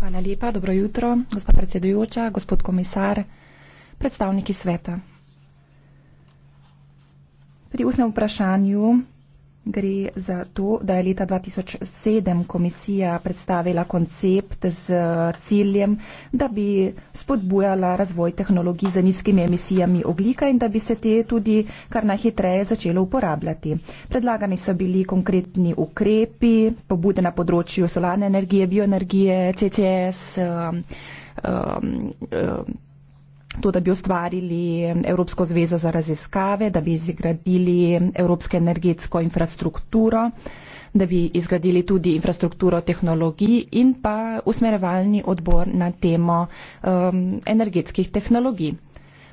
Hvala lepa, dobro jutro, gospa predsedujoča, gospod komisar, predstavniki sveta. Pri ustnem vprašanju gre za to, da je leta 2007 komisija predstavila koncept, projekt z eh, ciljem, da bi spodbujala razvoj tehnologij z nizkimi emisijami oglika in da bi se te tudi kar najhitreje začelo uporabljati. Predlagani so bili konkretni ukrepi, pobude na področju solarne energije, bioenergije, CCS. Um, um, To, da bi ustvarili Evropsko zvezo za raziskave, da bi izgradili Evropsko energetsko infrastrukturo da bi izgradili tudi infrastrukturo tehnologij in pa usmerevalni odbor na temo um, energetskih tehnologij.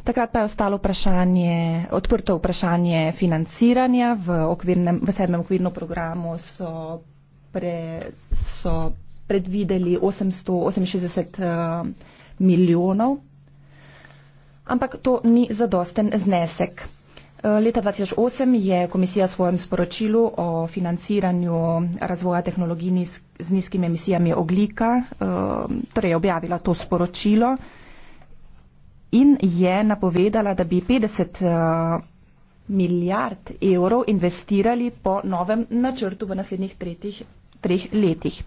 Takrat pa je ostalo vprašanje, odprto vprašanje financiranja v, okvirnem, v sedmem okvirnem programu so, pre, so predvideli 868 uh, eh, milijonov, ampak to ni zadosten znesek. Leta 2008 je komisija v svojem sporočilu o financiranju razvoja tehnologij z nizkimi emisijami oglika eh, torej objavila to sporočilo in je napovedala, da bi 50 eh, milijard evrov investirali po novem načrtu v naslednjih tretjih, treh letih.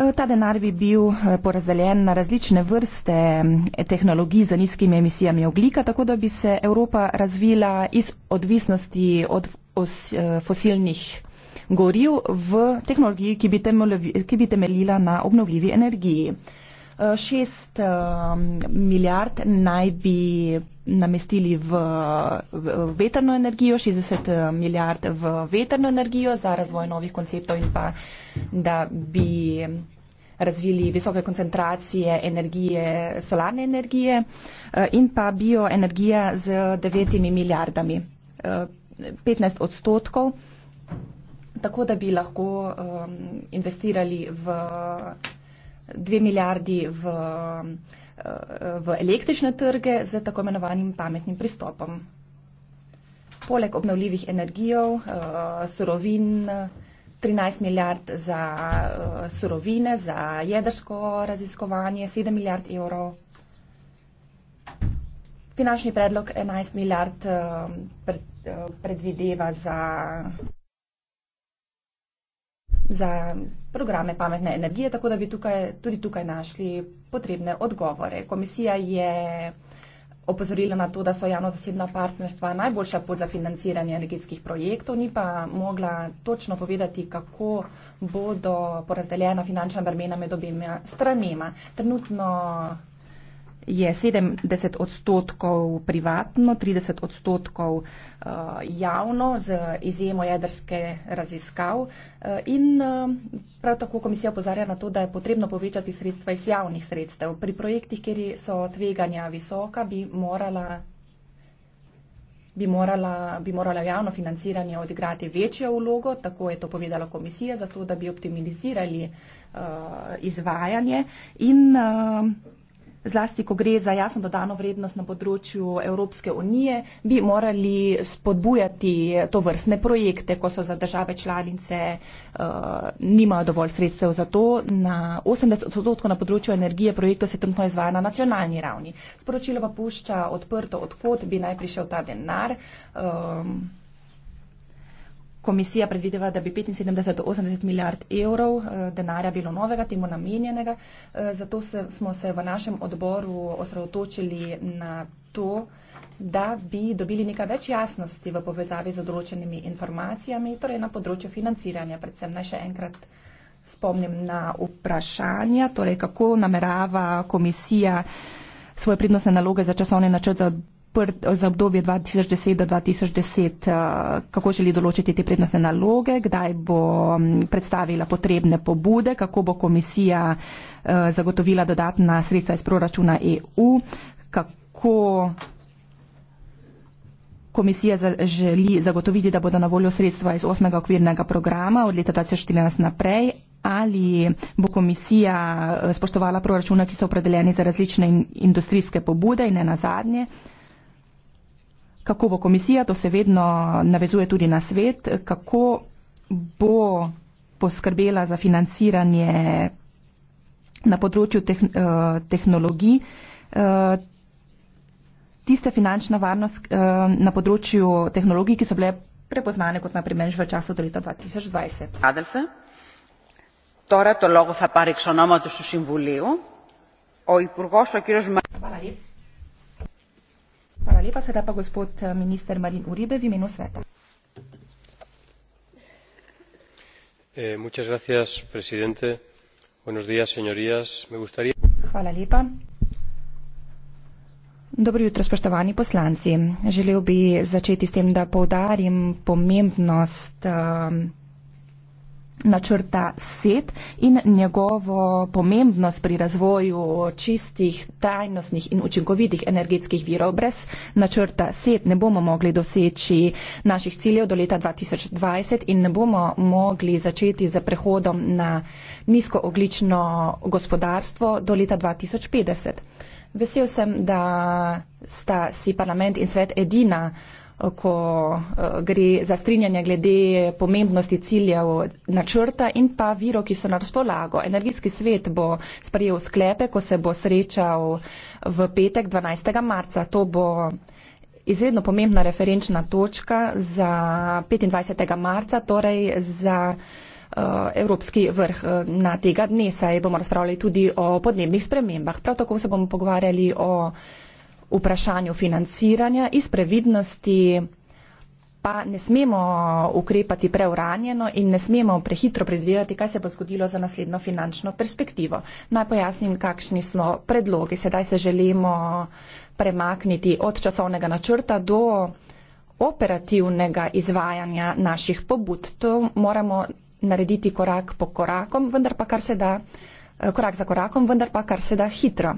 Eh, ta denar bi bil eh, porazdeljen na različne vrste mm, tehnologij za nizkimi emisijami oglika, tako da bi se Evropa razvila iz odvisnosti od eh, fosilnih goril v tehnologiji, ki bi temeljila na obnovljivi energiji. Šest milijard naj bi namestili v veterno energijo, 60 eh, milijard v veterno energijo za razvoj novih konceptov in pa, da bi razvili visoke koncentracije energije, solarne energije eh, in pa bioenergija z 9 milijardami, 15 eh, odstotkov, tako da bi lahko investirali v 2 milijardi v v električne trge z tako imenovanim pametnim pristopom. Poleg obnovljivih energijov, eh, surovin, 13 milijard za eh, surovine, za jedrsko raziskovanje, 7 milijard evrov. Finančni predlog 11 milijard eh, predvideva za za programe pametne energije, tako da bi tukaj, tudi tukaj našli potrebne odgovore. Komisija je opozorila na to, da so javno-zasebna partnerstva najboljša pot za financiranje energetskih projektov, ni pa mogla točno povedati, kako bodo porazdeljena finančna bremena med obema stranema. Trenutno je 70 odstotkov privatno, 30 odstotkov eh, javno, z izjemo jedrske raziskav. Eh, in eh, prav tako komisija opozarja na to, da je potrebno povečati sredstva iz javnih sredstev. Pri projektih, kjer so tveganja visoka, bi morala. Bi, morala, bi moralo javno financiranje odigrati večjo vlogo, tako je to povedala komisija, zato da bi optimizirali uh, izvajanje in uh, zlasti ko gre za jasno dodano vrednost na področju Evropske unije, bi morali spodbujati to vrstne projekte, ko so za države članice uh, nimajo dovolj sredstev za to. Na 80% na področju energije projektov se trenutno izvaja na nacionalni ravni. Sporočilo pa pušča odprto, odkot bi naj prišel ta denar. Um, Komisija predvideva, da bi 75 do 80 milijard evrov eh, denarja bilo novega, temu namenjenega. Eh, zato se, smo se v našem odboru osredotočili na to, da bi dobili nekaj več jasnosti v povezavi z odročenimi informacijami, torej na področju financiranja. Predvsem naj še enkrat spomnim na vprašanja, torej kako namerava komisija svoje pridnostne naloge za časovni načrt za odbor odprt za obdobje 2010 do 2010, eh, kako želi določiti te prednostne naloge, kdaj bo mm, predstavila potrebne pobude, kako bo komisija eh, zagotovila dodatna sredstva iz proračuna EU, kako komisija želi zagotoviti, da bodo na voljo sredstva iz osmega okvirnega programa od leta 2014 naprej. Ali bo komisija eh, spoštovala proračuna, ki so opredeljeni za različne industrijske pobude in ne nazadnje? Uh, kako bo komisija, to se vedno navezuje tudi na svet, kako bo poskrbela za financiranje na področju eh, tehnologij, eh, tista finančna varnost eh, na področju tehnologij, ki so bile prepoznane kot naprimer že v času do leta 2020. Adelfe? Tora to logo fa pari xonomo to stu simvuliu. O υπουργός ο κύριος Μαρίνος. Hvala lepa. Sedaj pa gospod eh, minister Marin Uribe v imenu sveta. Eh, Hvala lepa. Dobro jutro, spoštovani poslanci. Želel bi začeti s tem, da poudarim pomembnost. Uh, načrta SET in njegovo pomembnost pri razvoju čistih, trajnostnih in učinkovitih energetskih virov. Brez načrta SET ne bomo mogli doseči naših ciljev do leta 2020 in ne bomo mogli začeti z prehodom na nizkooglično gospodarstvo do leta 2050. Vesel sem, da sta si parlament in svet edina ko eh, gre za strinjanje glede pomembnosti ciljev načrta in pa viro, ki so na razpolago. Energijski svet bo sprejel sklepe, ko se bo srečal v petek 12. marca. To bo izredno pomembna referenčna točka za 25. marca, torej za eh, evropski vrh eh, na tega dne, saj bomo razpravljali tudi o podnebnih spremembah. Prav tako se bomo pogovarjali o vprašanju financiranja iz previdnosti pa ne smemo ukrepati preuranjeno in ne smemo prehitro predvidevati, kaj se bo zgodilo za naslednjo finančno perspektivo. Naj pojasnim, kakšni so predlogi. Sedaj se želimo premakniti od časovnega načrta do operativnega izvajanja naših pobud. To moramo narediti korak po korakom, vendar pa kar se da, eh, korak za korakom, vendar pa kar se da hitro.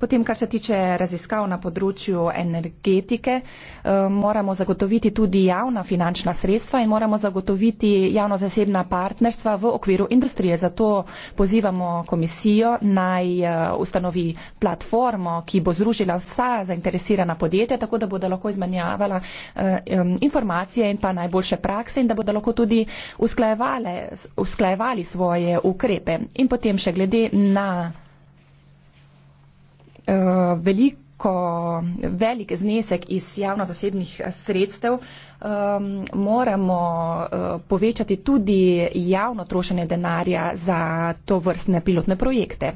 Potem, kar se tiče raziskav na področju energetike, eh, moramo zagotoviti tudi javna finančna sredstva in moramo zagotoviti javno-zasebna partnerstva v okviru industrije. Zato pozivamo komisijo naj eh, ustanovi platformo, ki bo združila vsa zainteresirana podjetja, tako da bodo lahko izmenjavala eh, informacije in pa najboljše prakse in da bodo lahko tudi usklajevali svoje ukrepe. In potem še glede na uh, eh, velik velik znesek iz javno-zasebnih sredstev, um, moramo uh, povečati tudi javno trošene denarja za to vrstne pilotne projekte.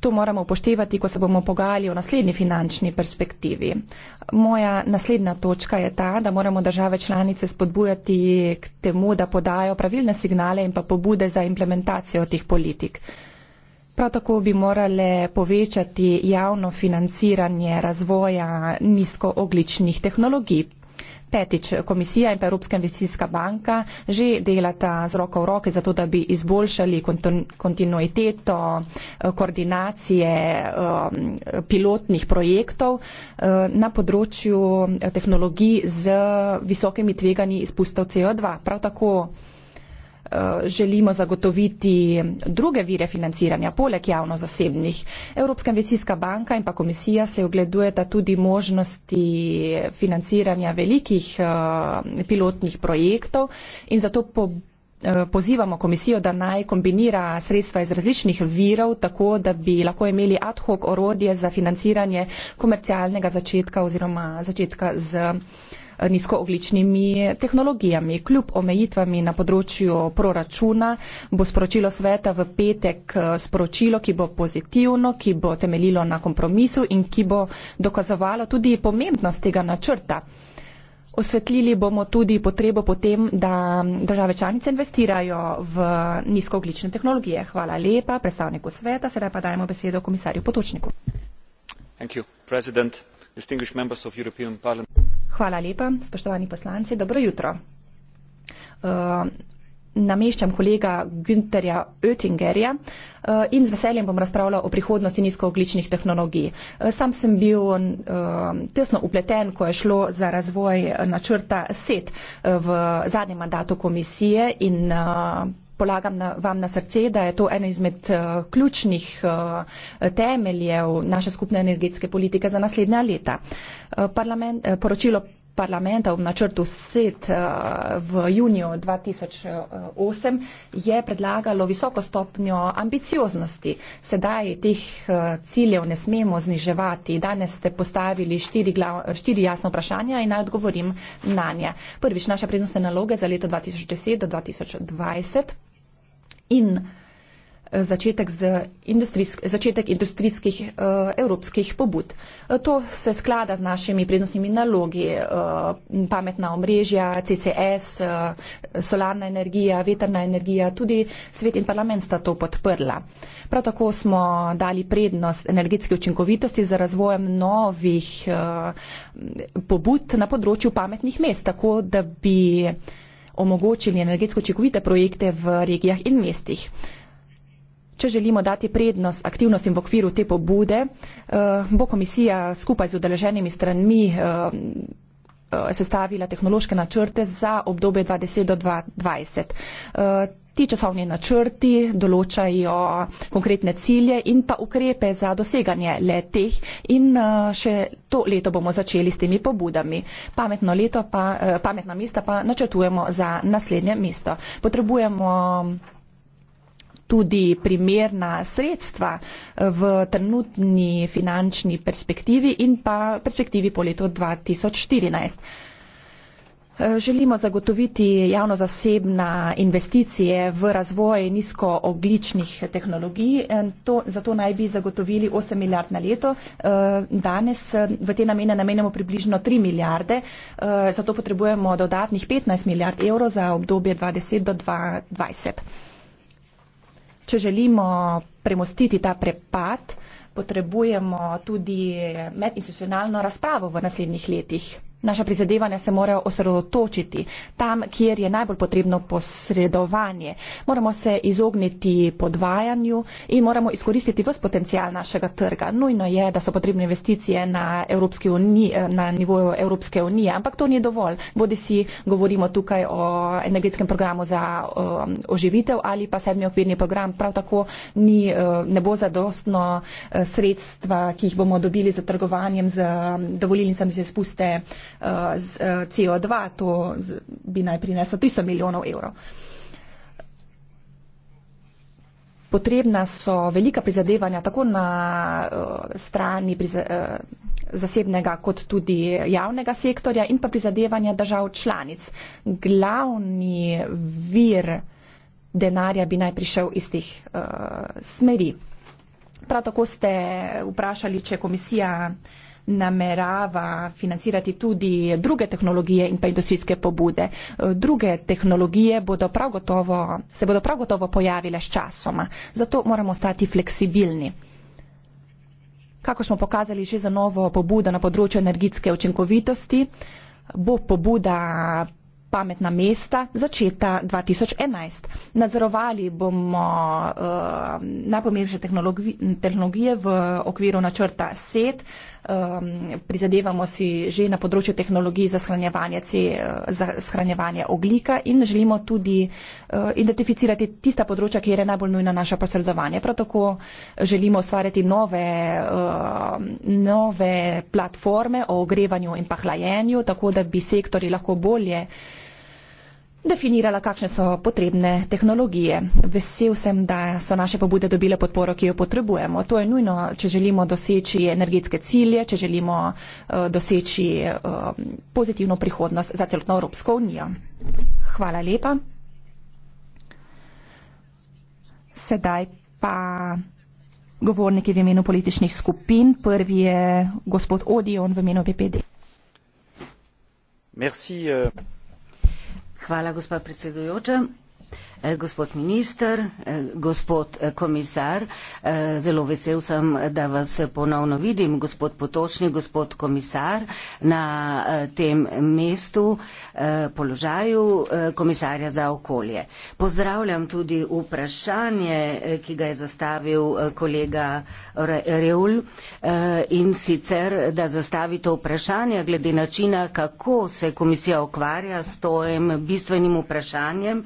To moramo upoštevati, ko se bomo pogajali o naslednji finančni perspektivi. Moja naslednja točka je ta, da moramo države članice spodbujati k temu, da podajo pravilne signale in pa pobude za implementacijo teh politik. Uh, Prav tako bi morale povečati javno financiranje razvoja nizkoogličnih tehnologij. Petič, komisija in pa Evropska investicijska banka že delata z roko v roke za to, da bi izboljšali kontinuiteto eh, koordinacije eh, pilotnih projektov eh, na področju tehnologij z visokimi tveganji izpustov CO2. Prav tako Eh, želimo zagotoviti druge vire financiranja, poleg javno-zasebnih. Evropska investicijska banka in pa komisija se ogledujeta tudi možnosti financiranja velikih eh, pilotnih projektov in zato po eh, pozivamo komisijo, da naj kombinira sredstva iz različnih virov, tako da bi lahko imeli ad hoc orodje za financiranje komercialnega začetka oziroma začetka z uh, nizkoogličnimi tehnologijami. Kljub omejitvami na področju proračuna bo sporočilo sveta v petek eh, sporočilo, ki bo pozitivno, ki bo temeljilo na kompromisu in ki bo dokazovalo tudi pomembnost tega načrta. Osvetlili bomo tudi potrebo potem, da države članice investirajo v nizkooglične tehnologije. Hvala lepa predstavniku sveta, sedaj pa dajemo besedo komisarju Potočniku. Thank you, president spoštovani poslanci, dobro jutro. Uh, nameščam kolega Günterja Oettingerja uh, in z veseljem bom razpravljal o prihodnosti nizkoogličnih tehnologij. Uh, sam sem bil uh, tesno upleten, ko je šlo za razvoj načrta SET uh, v zadnjem mandatu komisije in uh, polagam na, vam na srce, da je to ena izmed uh, ključnih uh, temeljev naše skupne energetske politike za naslednja leta. Uh, parlament, uh, poročilo parlamenta v načrtu SET uh, v juniju 2008 je predlagalo visoko stopnjo ambicioznosti. Sedaj teh uh, ciljev ne smemo zniževati. Danes ste postavili štiri, glav, štiri jasne vprašanja in naj odgovorim na nje. Prvič, naše prednostne naloge za leto 2010 do 2020 in eh, začetek, industrijsk, začetek industrijskih uh, evropskih pobud. Eh, to se sklada z našimi prednostnimi nalogi, uh, pametna omrežja, CCS, uh, solarna energija, veterna energija, tudi svet in parlament sta to podprla. Prav tako smo dali prednost energetske učinkovitosti za razvojem novih uh, pobud na področju pametnih mest, tako da bi uh, omogočili energetsko učinkovite projekte v regijah in mestih. Če želimo dati prednost aktivnostim v okviru te pobude, eh, bo komisija skupaj z udeleženimi stranmi eh, eh, sestavila tehnološke načrte za obdobje 2010 do 2020 projekti, časovni načrti, določajo konkretne cilje in pa ukrepe za doseganje le teh in eh, še to leto bomo začeli s temi pobudami. Pametno leto pa, eh, pametna mesta pa načrtujemo za naslednje mesto. Potrebujemo tudi primerna sredstva eh, v trenutni finančni perspektivi in pa perspektivi po letu 2014. Eh, želimo zagotoviti javno-zasebna investicije v razvoj nizkoogličnih tehnologij. To, zato naj bi zagotovili 8 milijard na leto. Eh, danes eh, v te namene namenjamo približno 3 milijarde. Zato potrebujemo dodatnih 15 milijard evrov za obdobje 2020 do 2020. Če želimo premostiti ta prepad, potrebujemo tudi medinstitucionalno razpravo v naslednjih letih. Naša prizadevanja se morajo osredotočiti tam, kjer je najbolj potrebno posredovanje. Moramo se izogniti podvajanju in moramo izkoristiti vse potencijal našega trga. Nujno je, da so potrebne investicije na, uniji, eh, na nivoju Evropske unije, ampak to ni dovolj. Bodi si govorimo tukaj o energetskem programu za um, oživitev ali pa sedmi okvirni program, prav tako ni, eh, ne bo zadostno eh, sredstva, ki jih bomo dobili za trgovanjem z um, dovolilnicami za izpuste z eh, CO2, to bi naj prineslo 300 milijonov evrov. Potrebna so velika prizadevanja tako na eh, strani eh, zasebnega kot tudi javnega sektorja in pa prizadevanja držav članic. Glavni vir denarja bi naj prišel iz teh smeri. Prav tako ste vprašali, če komisija namerava financirati tudi druge tehnologije in pa industrijske pobude. Druge tehnologije bodo gotovo, se bodo prav gotovo pojavile s časoma. Zato moramo stati fleksibilni. Kako smo pokazali že za novo pobudo na področju energetske učinkovitosti, bo pobuda pametna mesta začeta 2011. Nadzorovali bomo uh, najpomembnejše tehnologi tehnologije v okviru načrta SET, uh, um, prizadevamo si že na področju tehnologij za shranjevanje, C, eh, za shranjevanje oglika in želimo tudi uh, identificirati tista področja, kjer je najbolj nujna naša posredovanje. Prav tako želimo ustvarjati nove, uh, nove platforme o ogrevanju in pa hlajenju, tako da bi sektori lahko bolje uh, definirala, kakšne so potrebne tehnologije. Vesel sem, da so naše pobude dobile podporo, ki jo potrebujemo. To je nujno, če želimo doseči energetske cilje, če želimo eh, doseči eh, pozitivno prihodnost za celotno Evropsko unijo. Hvala lepa. Sedaj pa govorniki v imenu političnih skupin. Prvi je gospod Odion v imenu PPD. Merci, uh... Hvala, gospod predsedujoča. Eh, gospod minister, eh, gospod eh, komisar, zelo vesel sem, da vas ponovno vidim, gospod Potočni, gospod komisar, na tem mestu, položaju komisarja za okolje. Pozdravljam tudi vprašanje, ki ga je zastavil kolega Reul in sicer, da zastavi to vprašanje glede načina, kako se komisija ukvarja s tojem bistvenim vprašanjem,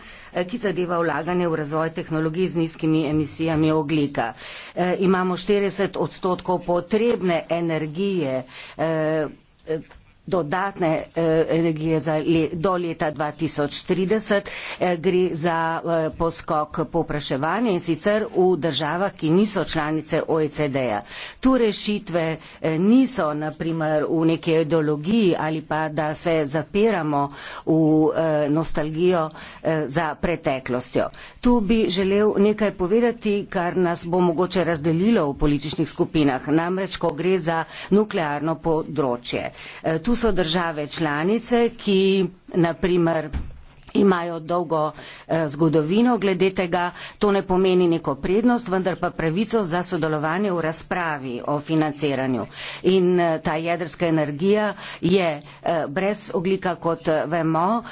ki zadeva zahteva vlaganje v razvoj tehnologij z nizkimi emisijami oglika. E, imamo 40 odstotkov potrebne energije. E, dodatne eh, energije za, do leta 2030 eh, gre za eh, poskok popraševanja in sicer v državah, ki niso članice OECD-ja. Tu rešitve niso naprimer v neki ideologiji ali pa da se zapiramo v nostalgijo za preteklostjo. Tu bi želel nekaj povedati, kar nas bo mogoče razdelilo v političnih skupinah, namreč ko gre za nuklearno področje. Tu so države članice, ki naprimer imajo dolgo eh, zgodovino glede tega, to ne pomeni neko prednost, vendar pa pravico za sodelovanje v razpravi o financiranju. In eh, ta jedrska energija je eh, brez oglika, kot vemo,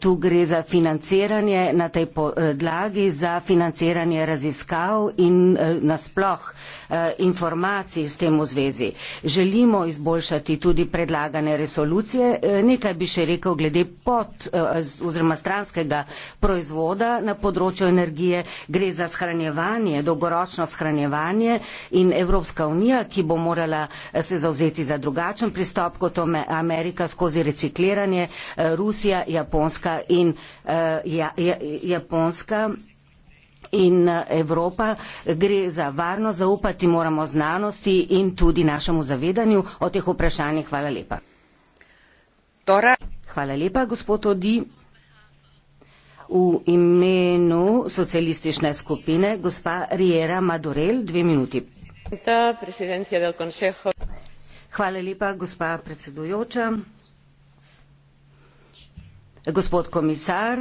tu gre za financiranje na tej podlagi, za financiranje raziskav in nasploh informacij s tem v zvezi. Želimo izboljšati tudi predlagane resolucije. Nekaj bi še rekel glede pod oziroma stranskega proizvoda na področju energije, gre za shranjevanje, dolgoročno shranjevanje in Evropska unija, ki bo morala eh, se zauzeti za drugačen pristop kot Amerika skozi recikliranje, eh, Rusija, Japonska in eh, ja, ja, Japonska. In Evropa gre za varno, zaupati moramo znanosti in tudi našemu zavedanju o teh vprašanjih. Hvala lepa. Tora. Hvala lepa, gospod Odi v imenu socialistične skupine gospa Riera Madurel, dve minuti. Hvala lepa, gospa predsedujoča. Gospod komisar,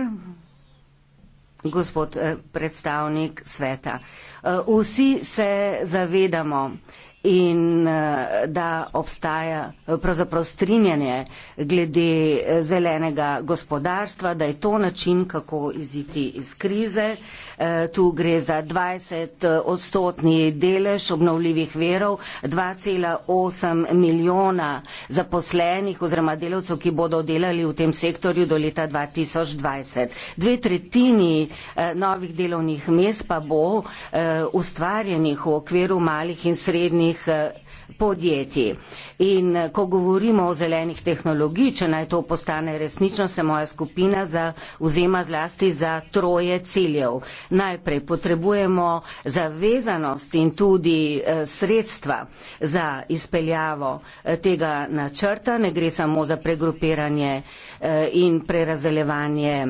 gospod eh, predstavnik sveta. Eh, vsi se zavedamo, in eh, da obstaja eh, pravzaprav strinjanje glede eh, zelenega gospodarstva, da je to način, kako iziti iz krize. Tu gre za 20 odstotni delež obnovljivih verov, 2,8 milijona zaposlenih oziroma delavcev, ki bodo delali v tem sektorju do leta 2020. Dve tretjini novih delovnih mest pa bo ustvarjenih v okviru malih in srednjih zelenih eh, podjetij. In eh, ko govorimo o zelenih tehnologij, če naj to postane resnično, se moja skupina zauzema zlasti za troje ciljev. Najprej potrebujemo zavezanost in tudi eh, sredstva za izpeljavo tega načrta. Ne gre samo za pregrupiranje in prerazelevanje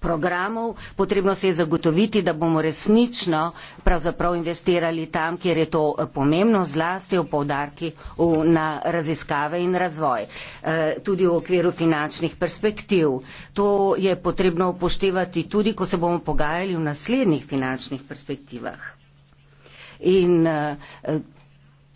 programov, potrebno se je zagotoviti, da bomo resnično pravzaprav investirali tam, kjer je to eh, pomembno, zlasti v povdarki v, na raziskave in razvoj, e, tudi v okviru finančnih perspektiv. To je potrebno upoštevati tudi, ko se bomo pogajali v naslednjih finančnih perspektivah. In, e,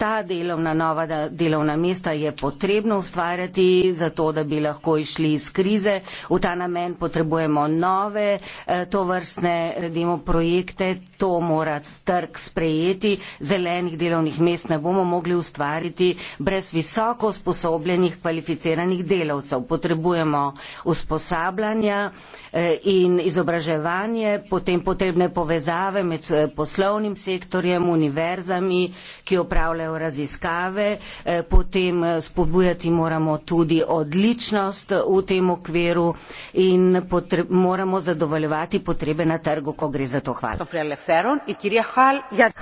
ta delovna nova delovna mesta je potrebno ustvarjati za to, da bi lahko išli iz krize. V ta namen potrebujemo nove eh, tovrstne eh, projekte, to mora trg sprejeti. Zelenih delovnih mest ne bomo mogli ustvariti brez visoko usposobljenih kvalificiranih delavcev. Potrebujemo usposabljanja eh, in izobraževanje, potem potrebne povezave med poslovnim sektorjem, univerzami, ki opravljajo morajo raziskave, eh, potem eh, spodbujati moramo tudi odličnost eh, v tem okviru in potre, moramo zadovoljevati potrebe na trgu, ko gre za to. Hvala.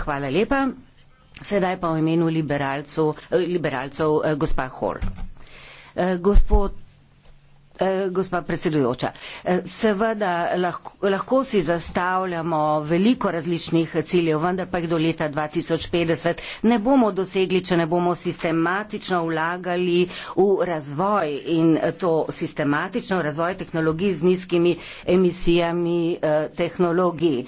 Hvala lepa. Sedaj pa v imenu liberalcev, liberalcev gospa Hall. Gospod Eh, gospa predsedujoča, eh, seveda lahko, lahko si zastavljamo veliko različnih ciljev, vendar pa jih do leta 2050 ne bomo dosegli, če ne bomo sistematično vlagali v razvoj in to sistematično v razvoj tehnologij z nizkimi emisijami eh, tehnologij.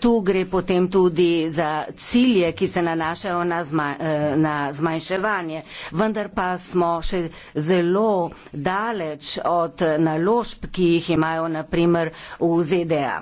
Tu gre potem tudi za cilje, ki se nanašajo na, zma, na zmanjševanje, vendar pa smo še zelo daleč od od naložb, ki jih imajo na primer v ZDA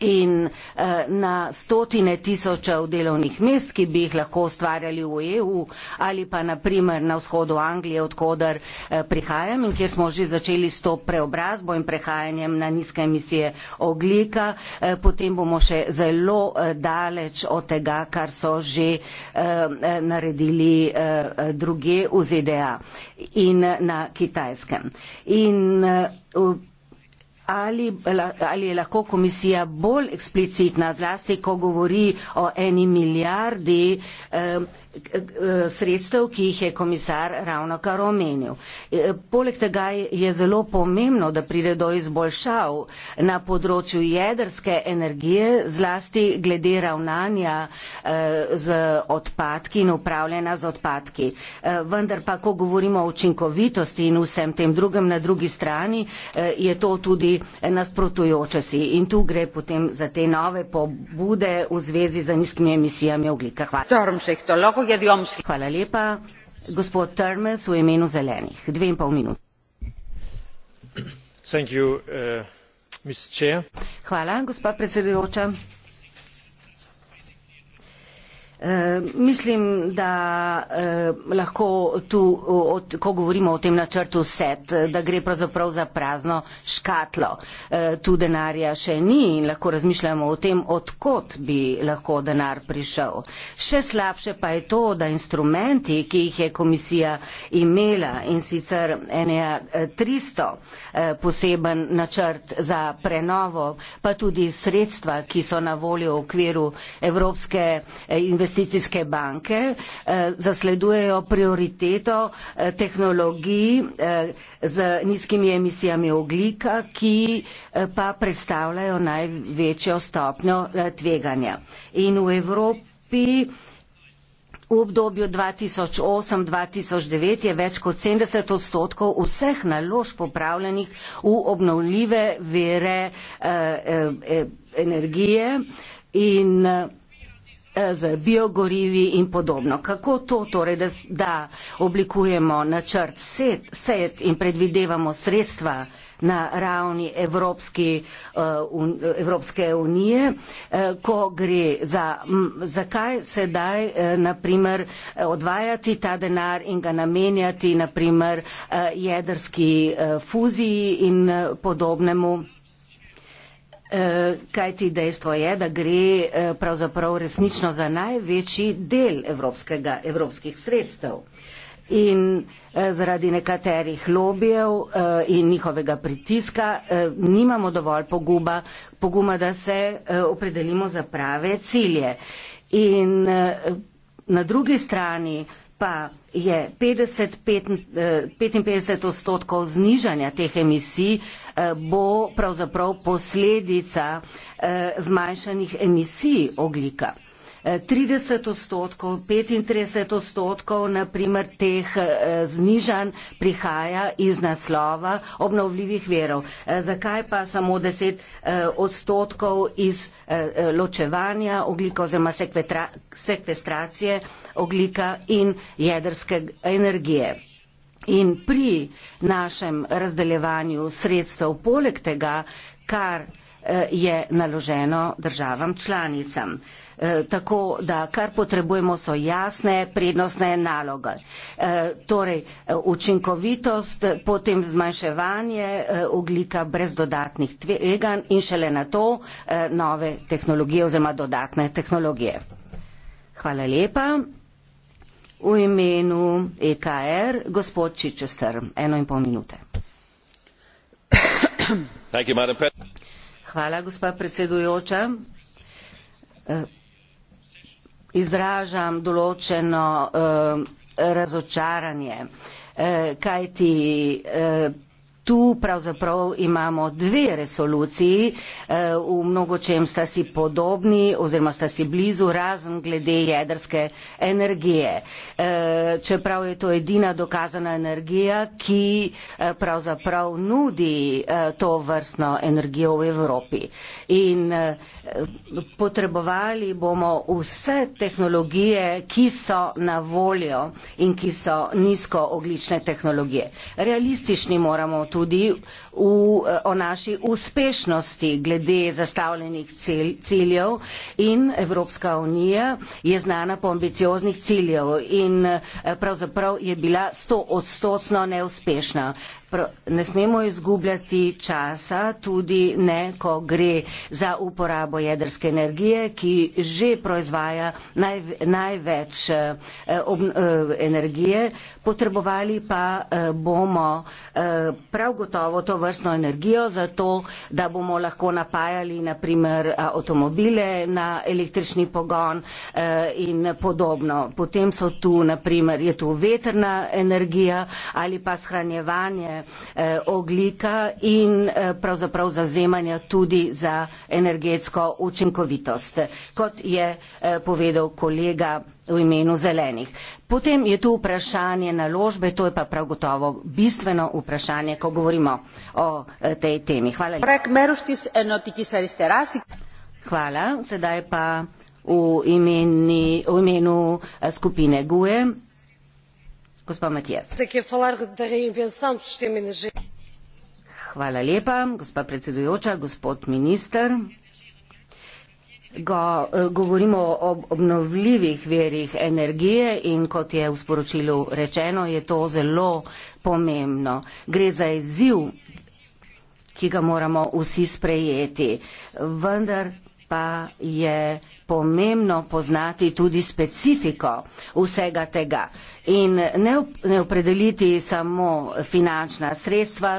in eh, na stotine tisočev delovnih mest, ki bi jih lahko ustvarjali v EU ali pa naprimer na vzhodu Anglije, odkudar eh, prihajam in kjer smo že začeli s to preobrazbo in prehajanjem na nizke emisije oglika, eh, potem bomo še zelo daleč od tega, kar so že naredili druge v ZDA in na kitajskem. In ali, ali je lahko komisija bolj eksplicitna, zlasti, ko govori o eni milijardi. Eh, sredstev, ki jih je komisar ravno kar omenil. E, poleg tega je zelo pomembno, da pride do izboljšav na področju jedrske energije, zlasti glede ravnanja e, z odpadki in upravljena z odpadki. E, vendar pa, ko govorimo o učinkovitosti in vsem tem drugem na drugi strani, je to tudi nasprotujoče si. In tu gre potem za te nove pobude v zvezi z nizkimi emisijami oglika. Hvala. Lahko je diomski. Hvala lepa. Gospod Trmes v imenu zelenih. Dve in pol minut. Thank you, uh, Hvala, gospa predsedujoča. Eh, mislim, da eh, lahko tu, od, ko govorimo o tem načrtu SET, eh, da gre pravzaprav za prazno škatlo. Eh, tu denarja še ni in lahko razmišljamo o tem, odkot bi lahko denar prišel. Še slabše pa je to, da instrumenti, ki jih je komisija imela in sicer NEA 300, eh, eh, poseben načrt za prenovo, pa tudi sredstva, ki so na voljo v okviru Evropske investicije, investicijske banke eh, zasledujejo prioriteto eh, tehnologij eh, z nizkimi emisijami oglika, ki pa predstavljajo največjo stopnjo tveganja. In v Evropi V obdobju 2008-2009 je več kot 70 odstotkov vseh nalož popravljenih v obnovljive vere eh, eh, energije in eh, z biogorivi in podobno. Kako to torej, da, da oblikujemo načrt set, set in predvidevamo sredstva na ravni Evropski, uh, Evropske unije, uh, ko gre za, zakaj sedaj uh, naprimer odvajati ta denar in ga namenjati naprimer jedrski fuziji in podobnemu. Eh, kaj ti dejstvo je, da gre eh, pravzaprav resnično za največji del evropskih sredstev. In eh, zaradi nekaterih lobijev in njihovega pritiska nimamo dovolj poguba, poguma, da se opredelimo za prave cilje. In na drugi strani pa je 50, 55 eh, odstotkov znižanja teh emisij eh, bo pravzaprav posledica eh, zmanjšanih emisij oglika. 30 odstotkov, 35 odstotkov naprimer teh eh, znižanj prihaja iz naslova obnovljivih verov. Eh, zakaj pa samo 10 eh, odstotkov iz ločevanja oglika oziroma sekvestracije oglika in jedrske energije? In pri našem razdeljevanju sredstev, poleg tega, kar je naloženo državam članicam. Eh, tako da kar potrebujemo so jasne prednostne naloge. Eh, torej eh, učinkovitost, potem zmanjševanje oglika brez dodatnih tveganj in šele na to nove tehnologije oziroma dodatne tehnologije. Hvala lepa. V imenu EKR, gospod Čičester, eno in pol minute. Hvala, gospa predsedujoča izražam določeno eh, razočaranje, eh, kajti eh, Tu pravzaprav imamo dve resoluciji, eh, v mnogo čem sta si podobni oziroma sta si blizu, razen glede jedrske energije. Eh, čeprav je to edina dokazana energija, ki eh, pravzaprav nudi to vrstno energijo v Evropi. In potrebovali bomo vse tehnologije, ki so na voljo in ki so nizkooglične tehnologije. Realistični moramo tudi v, o naši uspešnosti glede zastavljenih cel, ciljev in Evropska unija je znana po ambicioznih ciljev in eh, pravzaprav je bila 100 odstotno neuspešna ne smemo izgubljati časa, tudi ne, ko gre za uporabo jedrske energije, ki že proizvaja naj, največ eh, ob, eh, energije. Potrebovali pa eh, bomo eh, prav gotovo to vrstno energijo, zato da bomo lahko napajali naprimer avtomobile na električni pogon eh, in podobno. Potem so tu naprimer, je tu veterna energija ali pa shranjevanje Eh, oglika in eh, pravzaprav zazemanja tudi za energetsko učinkovitost, kot je eh, povedal kolega v imenu zelenih. Potem je tu vprašanje naložbe, to je pa prav gotovo bistveno vprašanje, ko govorimo o tej temi. Hvala lepa. Hvala, sedaj pa v, imeni, v imenu skupine GUE Hvala lepa, gospa predsedujoča, gospod minister. Go, eh, govorimo o obnovljivih verjih energije in kot je v sporočilu rečeno, je to zelo pomembno. Gre za izziv, ki ga moramo vsi sprejeti, vendar pa je pomembno poznati tudi specifiko vsega tega in ne opredeliti samo finančna sredstva,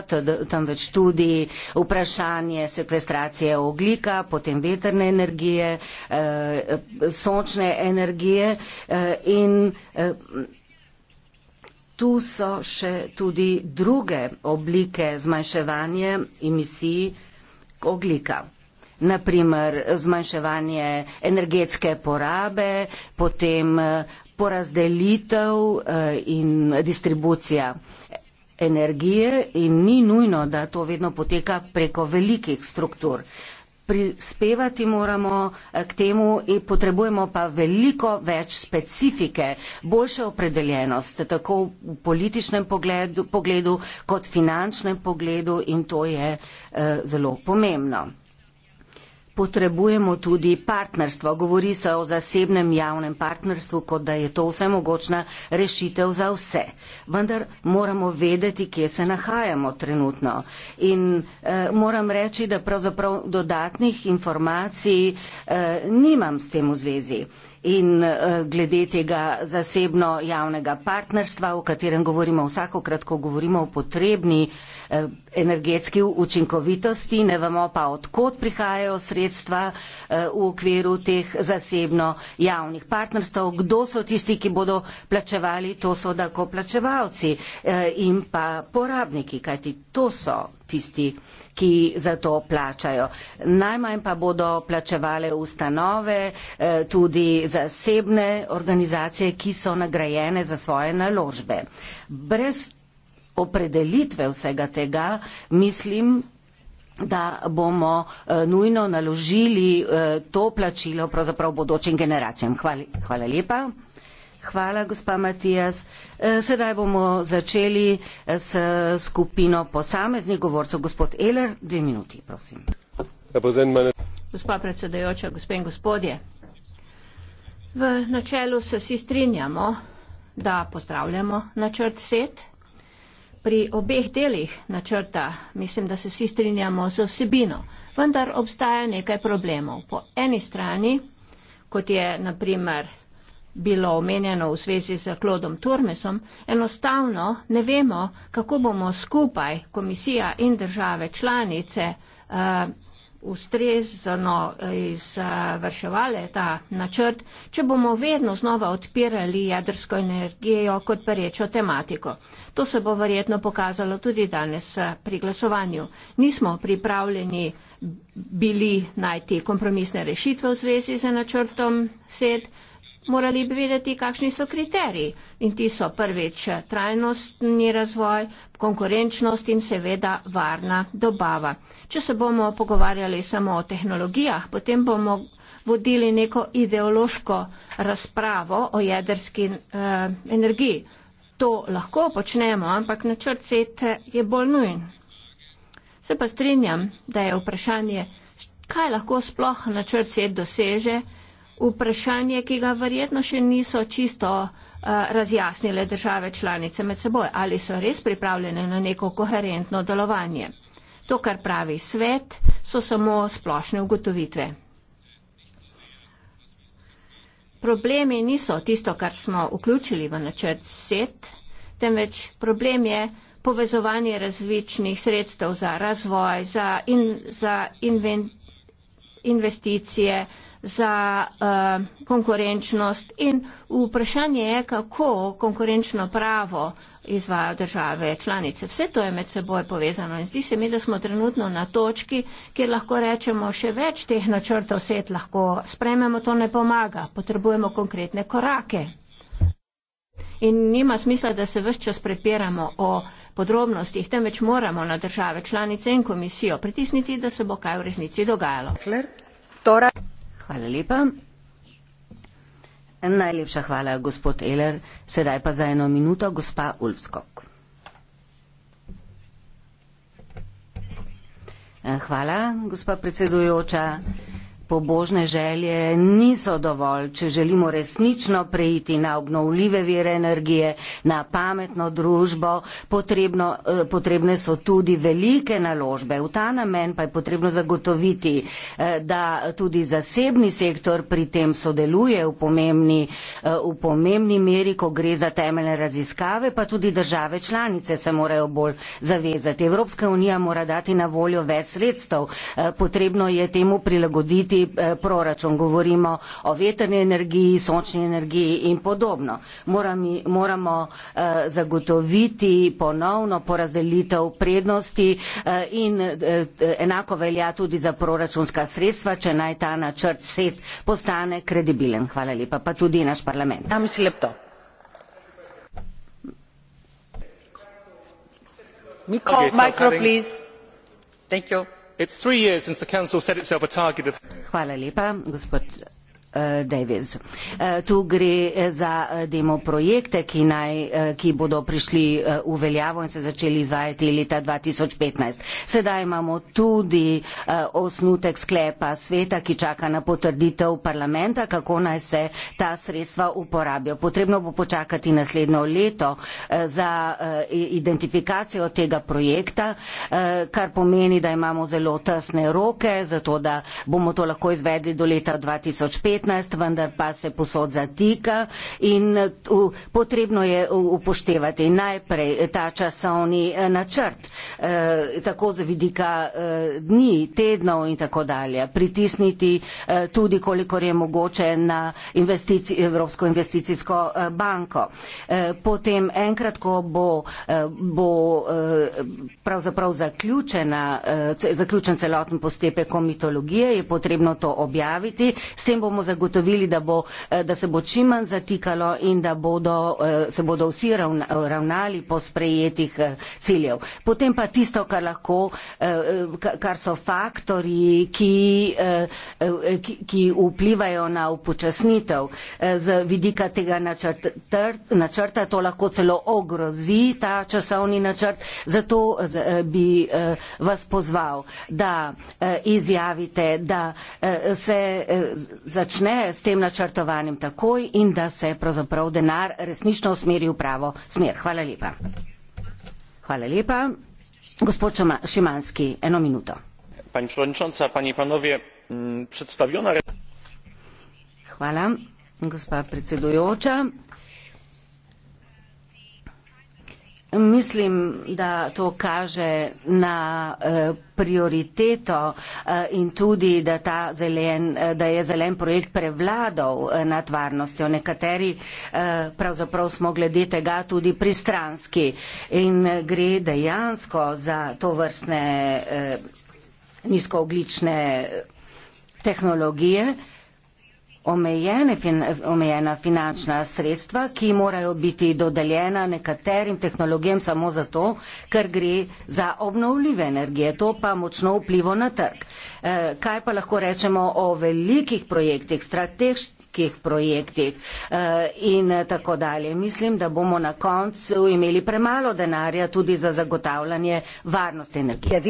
temveč tudi vprašanje sekvestracije oglika, potem veterne energije, eh, sončne energije eh, in eh, tu so še tudi druge oblike zmanjševanja emisij oglika naprimer zmanjševanje energetske porabe, potem eh, porazdelitev eh, in distribucija energije in ni nujno, da to vedno poteka preko velikih struktur. Prispevati moramo eh, k temu in potrebujemo pa veliko več specifike, boljše opredeljenost, tako v političnem pogledu, pogledu kot finančnem pogledu in to je eh, zelo pomembno potrebujemo tudi partnerstvo. Govori se o zasebnem javnem partnerstvu, kot da je to vse mogočna rešitev za vse. Vendar moramo vedeti, kje se nahajamo trenutno. In eh, moram reči, da pravzaprav dodatnih informacij eh, nimam s tem v zvezi in eh, glede tega zasebno-javnega partnerstva, o katerem govorimo vsakokrat, ko govorimo o potrebni eh, energetski učinkovitosti, ne vemo pa, odkot prihajajo sredstva eh, v okviru teh zasebno-javnih partnerstv, kdo so tisti, ki bodo plačevali, to so dakoplačevalci in pa porabniki, kajti to so tisti, ki za to plačajo. Najmanj pa bodo plačevale ustanove, eh, tudi zasebne organizacije, ki so nagrajene za svoje naložbe. Brez opredelitve vsega tega mislim, da bomo eh, nujno naložili eh, to plačilo pravzaprav bodočim generacijam. Hvala, hvala lepa. Hvala, gospa Matijas. E, sedaj bomo začeli e, s skupino posameznih govorcev. Gospod Eler, dve minuti, prosim. Gospa predsedajoča, gospe in gospodje. V načelu se vsi strinjamo, da pozdravljamo načrt SET. Pri obeh delih načrta mislim, da se vsi strinjamo z osebino, vendar obstaja nekaj problemov. Po eni strani, kot je naprimer bilo omenjeno v zvezi z Klodom Turmesom, enostavno ne vemo, kako bomo skupaj, komisija in države članice, eh, ustrezno izvrševali ta načrt, če bomo vedno znova odpirali jedrsko energijo kot perečo tematiko. To se bo verjetno pokazalo tudi danes eh, pri glasovanju. Nismo pripravljeni bili najti kompromisne rešitve v zvezi z načrtom sed, morali bi vedeti, kakšni so kriteriji. In ti so prvič trajnostni razvoj, konkurenčnost in seveda varna dobava. Če se bomo pogovarjali samo o tehnologijah, potem bomo vodili neko ideološko razpravo o jedrski eh, energiji. To lahko počnemo, ampak načrt CET je bolj nujen. Se pa strinjam, da je vprašanje, kaj lahko sploh načrt CET doseže, vprašanje, ki ga verjetno še niso čisto uh, razjasnile države članice med seboj, ali so res pripravljene na neko koherentno delovanje. To, kar pravi svet, so samo splošne ugotovitve. Problemi niso tisto, kar smo vključili v načrt SET, temveč problem je povezovanje različnih sredstev za razvoj, za, in, za inven, investicije, za uh, konkurenčnost in vprašanje je, kako konkurenčno pravo izvajo države članice. Vse to je med seboj povezano in zdi se mi, da smo trenutno na točki, kjer lahko rečemo še več teh načrtov, vse lahko sprememo, to ne pomaga, potrebujemo konkretne korake. In nima smisla, da se vse čas prepiramo o podrobnostih, temveč moramo na države članice in komisijo pritisniti, da se bo kaj v resnici dogajalo. Klar. Torej. Hvala lepa. Najlepša hvala, gospod Eler. Sedaj pa za eno minuto, gospa Ulfskog. Eh, hvala, gospa predsedujoča pobožne želje niso dovolj, če želimo resnično preiti na obnovljive vire energije, na pametno družbo, potrebno, eh, potrebne so tudi velike naložbe. V ta namen pa je potrebno zagotoviti, eh, da tudi zasebni sektor pri tem sodeluje v pomembni, eh, v pomembni meri, ko gre za temeljne raziskave, pa tudi države članice se morajo bolj zavezati. Evropska unija mora dati na voljo več sredstev. Potrebno je temu prilagoditi Eh, proračun, govorimo o veterni energiji, sončni energiji in podobno. Morami, moramo eh, zagotoviti ponovno porazdelitev prednosti eh, in eh, enako velja tudi za proračunska sredstva, če naj ta načrt set postane kredibilen. Hvala lepa, pa tudi naš parlament. Ja, mikro, okay, micro, please. Thank you three years since the council set itself a target of. Davis. Eh, tu gre eh, za eh, demo projekte, ki, naj, ki bodo prišli v veljavo in se začeli izvajati leta 2015. Sedaj imamo tudi osnutek sklepa sveta, ki čaka na potrditev parlamenta, kako naj se ta sredstva uporabijo. Potrebno bo počakati naslednjo leto za identifikacijo tega projekta, kar pomeni, da imamo zelo tesne roke, zato da bomo to lahko izvedli do leta 2015. 19, vendar pa se posod zatika in v, potrebno je upoštevati najprej ta časovni eh, načrt, eh, tako za vidika eh, dni, tednov in tako dalje. Pritisniti eh, tudi, kolikor je mogoče, na investici, Evropsko investicijsko eh, banko. Eh, potem enkrat, ko bo, eh, bo eh, pravzaprav zaključena, eh, zaključen celoten postepek komitologije, je potrebno to objaviti. S tem bomo zagotovili, da, bo, eh, da se bo čim manj zatikalo in da bodo, eh, se bodo vsi ravnali po sprejetih eh, ciljev. Potem pa tisto, kar, lahko, kar so faktori, ki, ki, ki vplivajo na upočasnitev z vidika tega načrta, načrta, to lahko celo ogrozi ta časovni načrt. Zato bi vas pozval, da izjavite, da se začne začne s tem načrtovanjem takoj in da se pravzaprav denar resnično usmeri v pravo smer. Hvala lepa. Hvala lepa. Gospod Šimanski, eno minuto. Pani predsednica, pani in panovje, mm, predstavljena. Hvala, gospa predsedujoča. Mislim, da to kaže na eh, prioriteto eh, in tudi, da, zelen, eh, da je zelen projekt prevladal nad varnostjo. Nekateri pravzaprav smo glede tega tudi pristranski in gre dejansko za to vrstne nizkooglične tehnologije omejene, fin, omejena finančna sredstva, ki morajo biti dodeljena nekaterim tehnologijam samo zato, ker gre za obnovljive energije. To pa močno vplivo na trg. E, kaj pa lahko rečemo o velikih projektih, strateških? projektih eh, in tako dalje. Mislim, da bomo na koncu imeli premalo denarja tudi za zagotavljanje varnosti energije.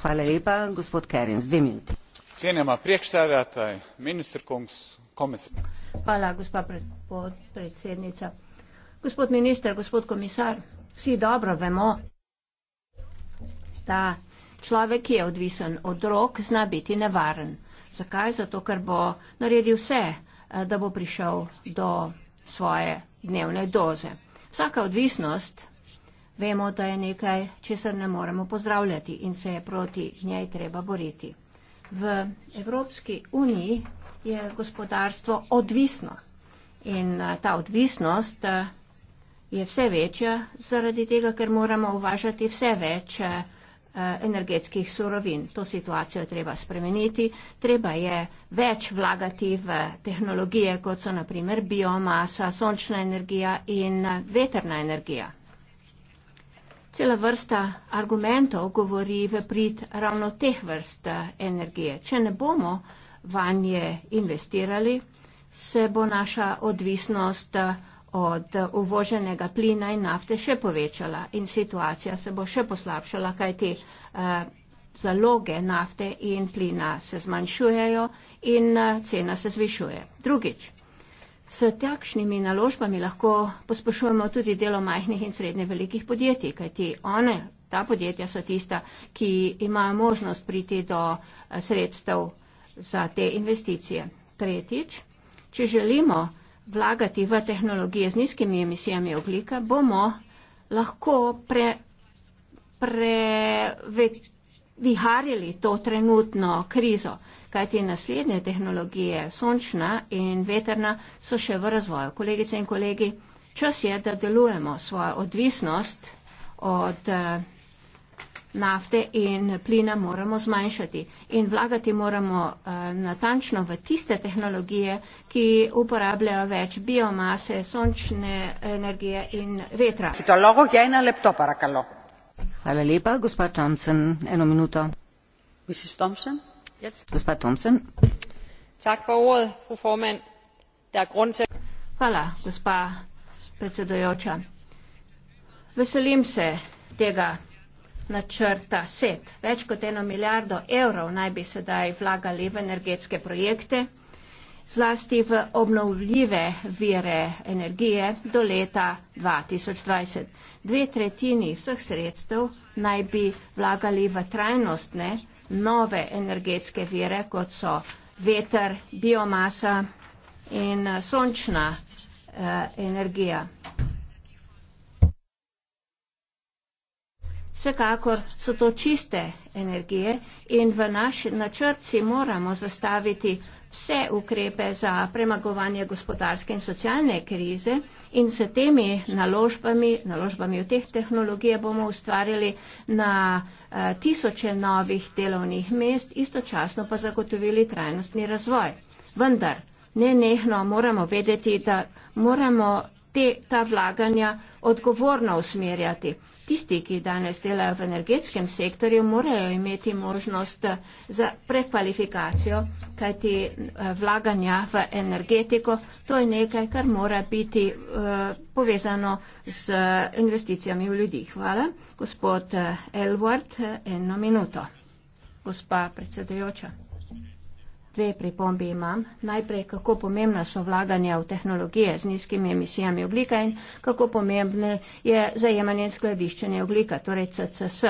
Hvala lepa, gospod Kerin, z dve minuti cenjena predsedujoča minister kungs komisar hvala gospa podpredsednica gospod minister gospod komisar vsi dobro vemo da človek ki je odvisen od drog zna biti nevaren zakaj zato ker bo naredil vse eh, da bo prišel do svoje dnevne doze vsaka odvisnost vemo da je nekaj česar ne moremo pozdravljati in se je proti njej treba boriti v Evropski uniji je gospodarstvo odvisno in eh, ta odvisnost eh, je vse večja zaradi tega, ker moramo uvažati vse več eh, energetskih surovin. To situacijo je treba spremeniti, treba je več vlagati v tehnologije, kot so naprimer biomasa, sončna energija in veterna energija. Cela vrsta argumentov govori v prid ravno teh vrst eh, energije. Če ne bomo vanje investirali, se bo naša odvisnost eh, od uvoženega plina in nafte še povečala in situacija se bo še poslabšala, kajti eh, zaloge nafte in plina se zmanjšujejo in eh, cena se zvišuje. Drugič. S takšnimi naložbami lahko pospešujemo tudi delo majhnih in srednje velikih podjetij, kajti one, ta podjetja so tista, ki imajo možnost priti do eh, sredstev za te investicije. Tretjič, če želimo vlagati v tehnologije z nizkimi emisijami oglika, bomo lahko pre, previharjali to trenutno krizo kajti naslednje tehnologije, sončna in veterna, so še v razvoju. Kolegice in kolegi, čas je, da delujemo svojo odvisnost od eh, nafte in plina moramo zmanjšati in vlagati moramo eh, natančno v tiste tehnologije, ki uporabljajo več biomase, sončne energije in vetra. Ja, Hvala lepa, gospa Thompson. Eno minuto. Mrs. Thompson tak for ordet fru formand der er grund til Hvala, gospa predsedujoča. Veselim se tega načrta SET. Več kot eno milijardo evrov naj bi sedaj vlagali v energetske projekte, zlasti v obnovljive vire energije do leta 2020. Dve tretjini vseh sredstev naj bi vlagali v trajnostne nove energetske vire, kot so veter, biomasa in eh, sončna eh, energija. Vsekakor so to čiste energije in v naš načrt si moramo zastaviti vse ukrepe za premagovanje gospodarske in socialne krize in s temi naložbami, naložbami v teh tehnologije bomo ustvarjali na eh, tisoče novih delovnih mest, istočasno pa zagotovili trajnostni razvoj. Vendar ne nehno moramo vedeti, da moramo te, ta vlaganja odgovorno usmerjati. Tisti, ki danes delajo v energetskem sektorju, morajo imeti možnost za prekvalifikacijo, kajti eh, vlaganja v energetiko, to je nekaj, kar mora biti uh, povezano z investicijami v ljudi. Hvala. Gospod eh, Elward, eno minuto. Gospa predsedajoča. Dve pripombi imam. Najprej, kako pomembna so vlaganja v tehnologije z nizkimi emisijami oglika in kako pomembne je zajemanje in skladiščenje oglika, torej CCS.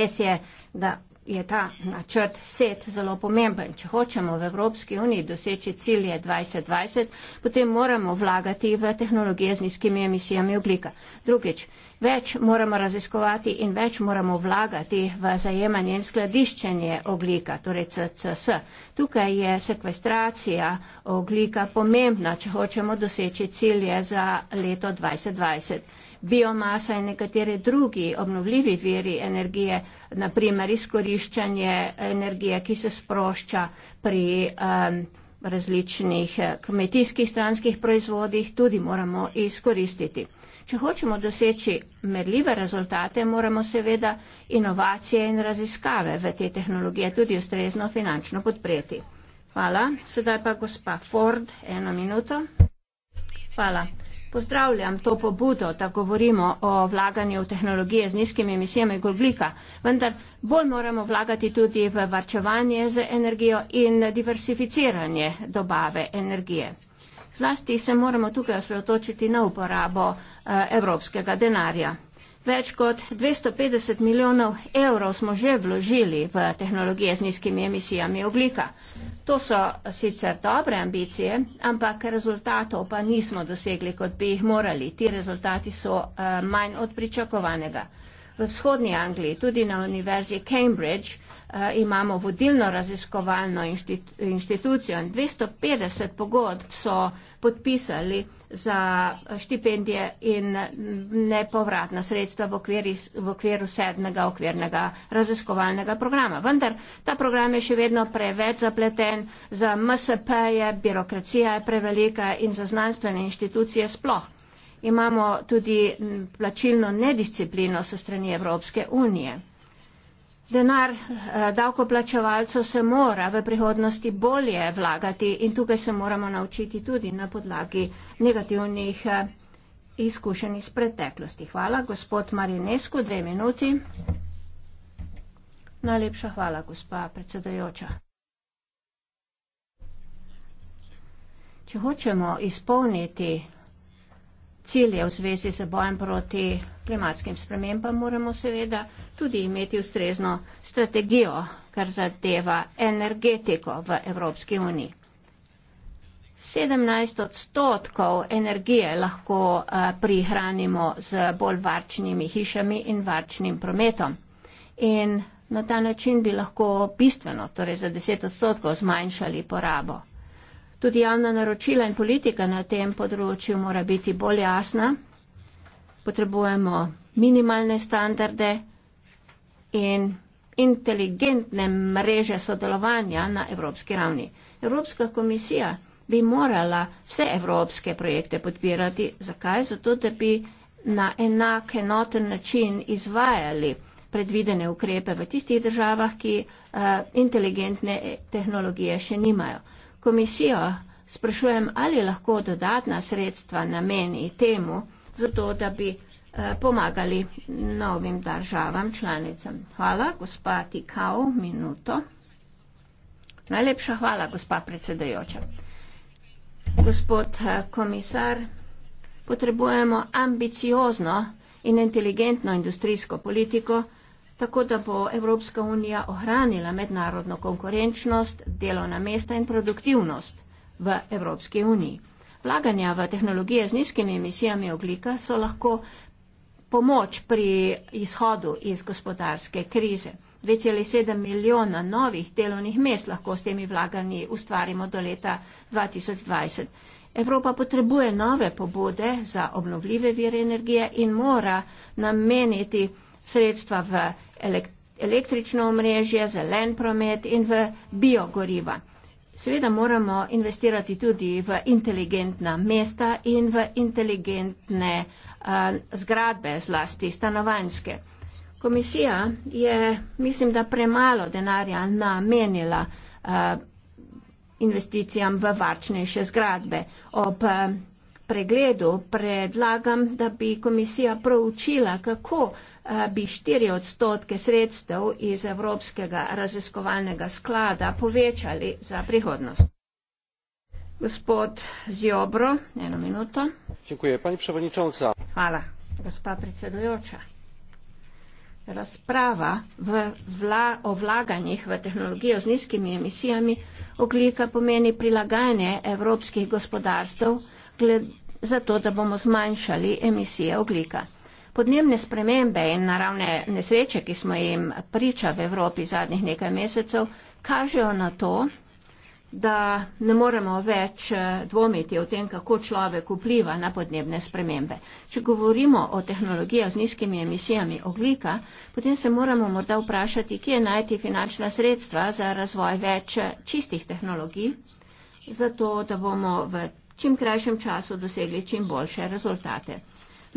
Res je, da je ta načrt SET zelo pomemben. Če hočemo v Evropski uniji doseči cilje 2020, potem moramo vlagati v tehnologije z nizkimi emisijami oblika. Drugič, več moramo raziskovati in več moramo vlagati v zajemanje in skladiščenje oglika, torej CCS. Tukaj je sekvestracija oglika pomembna, če hočemo doseči cilje za leto 2020 biomasa in nekateri drugi obnovljivi viri energije, naprimer izkoriščanje energije, ki se sprošča pri um, različnih eh, kmetijskih stranskih proizvodih, tudi moramo izkoristiti. Če hočemo doseči merljive rezultate, moramo seveda inovacije in raziskave v te tehnologije tudi ustrezno finančno podpreti. Hvala. Sedaj pa gospa Ford, eno minuto. Hvala. Pozdravljam to pobudo, da govorimo o vlaganju v tehnologije z nizkimi emisijami goglika, vendar bolj moramo vlagati tudi v varčevanje z energijo in diversificiranje dobave energije. Zlasti se moramo tukaj osredotočiti na uporabo eh, evropskega denarja. Več kot 250 milijonov evrov smo že vložili v tehnologije z nizkimi emisijami oglika. To so sicer dobre ambicije, ampak rezultatov pa nismo dosegli, kot bi jih morali. Ti rezultati so uh, manj od pričakovanega. V vzhodnji Angliji, tudi na univerzi Cambridge, uh, imamo vodilno raziskovalno inštit inštitucijo in 250 pogodb so podpisali uh, za štipendije in nepovratna sredstva v, okviri, v okviru sedmega okvirnega raziskovalnega programa. Vendar ta program je še vedno preveč zapleten, za MSP je birokracija je prevelika in za znanstvene inštitucije sploh. Imamo tudi plačilno nedisciplino so strani Evropske unije denar eh, davkoplačevalcev se mora v prihodnosti bolje vlagati in tukaj se moramo naučiti tudi na podlagi negativnih eh, izkušenj iz preteklosti. Hvala, gospod Marinesku, dve minuti. Najlepša hvala, gospa predsedojoča. Če hočemo izpolniti cilje v zvezi z bojem proti klimatskim spremembam, moramo seveda tudi imeti ustrezno strategijo, kar zadeva energetiko v Evropski uniji. 17 odstotkov energije lahko uh, prihranimo z bolj varčnimi hišami in varčnim prometom. In na ta način bi lahko bistveno, torej za 10 odstotkov, zmanjšali porabo. Tudi javna naročila in politika na tem področju mora biti bolj jasna. Potrebujemo minimalne standarde in inteligentne mreže sodelovanja na evropski ravni. Evropska komisija bi morala vse evropske projekte podpirati. Zakaj? Zato, da bi na enak enoten način izvajali predvidene ukrepe v tistih državah, ki uh, inteligentne eh, tehnologije še nimajo komisijo sprašujem, ali lahko dodatna sredstva nameni temu, zato da bi eh, pomagali novim državam, članicam. Hvala, gospa Tikau, minuto. Najlepša hvala, gospa predsedajoča. Gospod eh, komisar, potrebujemo ambiciozno in inteligentno industrijsko politiko, tako da bo Evropska unija ohranila mednarodno konkurenčnost, delovna mesta in produktivnost v Evropski uniji. Vlaganja v tehnologije z nizkimi emisijami oglika so lahko pomoč pri izhodu iz gospodarske krize. 2,7 milijona novih delovnih mest lahko s temi vlaganji ustvarimo do leta 2020. Evropa potrebuje nove pobude za obnovljive vire energije in mora nameniti sredstva v električno omrežje, zelen promet in v biogoriva. Seveda moramo investirati tudi v inteligentna mesta in v inteligentne zgradbe, zlasti stanovanjske. Komisija je, mislim, da premalo denarja namenila investicijam v varčnejše zgradbe. Ob pregledu predlagam, da bi komisija proučila, kako Eh, bi 4 odstotke sredstev iz Evropskega raziskovalnega sklada povečali za prihodnost. Gospod Ziobro, eno minuto. Dziękuję, pani przewodnicząca. Hvala, gospa predsedujoča. Razprava v vla, o vlaganjih v tehnologijo z nizkimi emisijami oglika pomeni prilagajanje evropskih gospodarstv gled, zato, da bomo zmanjšali emisije oglika. Podnebne spremembe in naravne nesreče, ki smo jim priča v Evropi zadnjih nekaj mesecev, kažejo na to, da ne moremo več eh, dvomiti o tem, kako človek vpliva na podnebne spremembe. Če govorimo o tehnologijah z nizkimi emisijami oglika, potem se moramo morda vprašati, kje najti finančna sredstva za razvoj več eh, čistih tehnologij, zato da bomo v čim krajšem času dosegli čim boljše rezultate.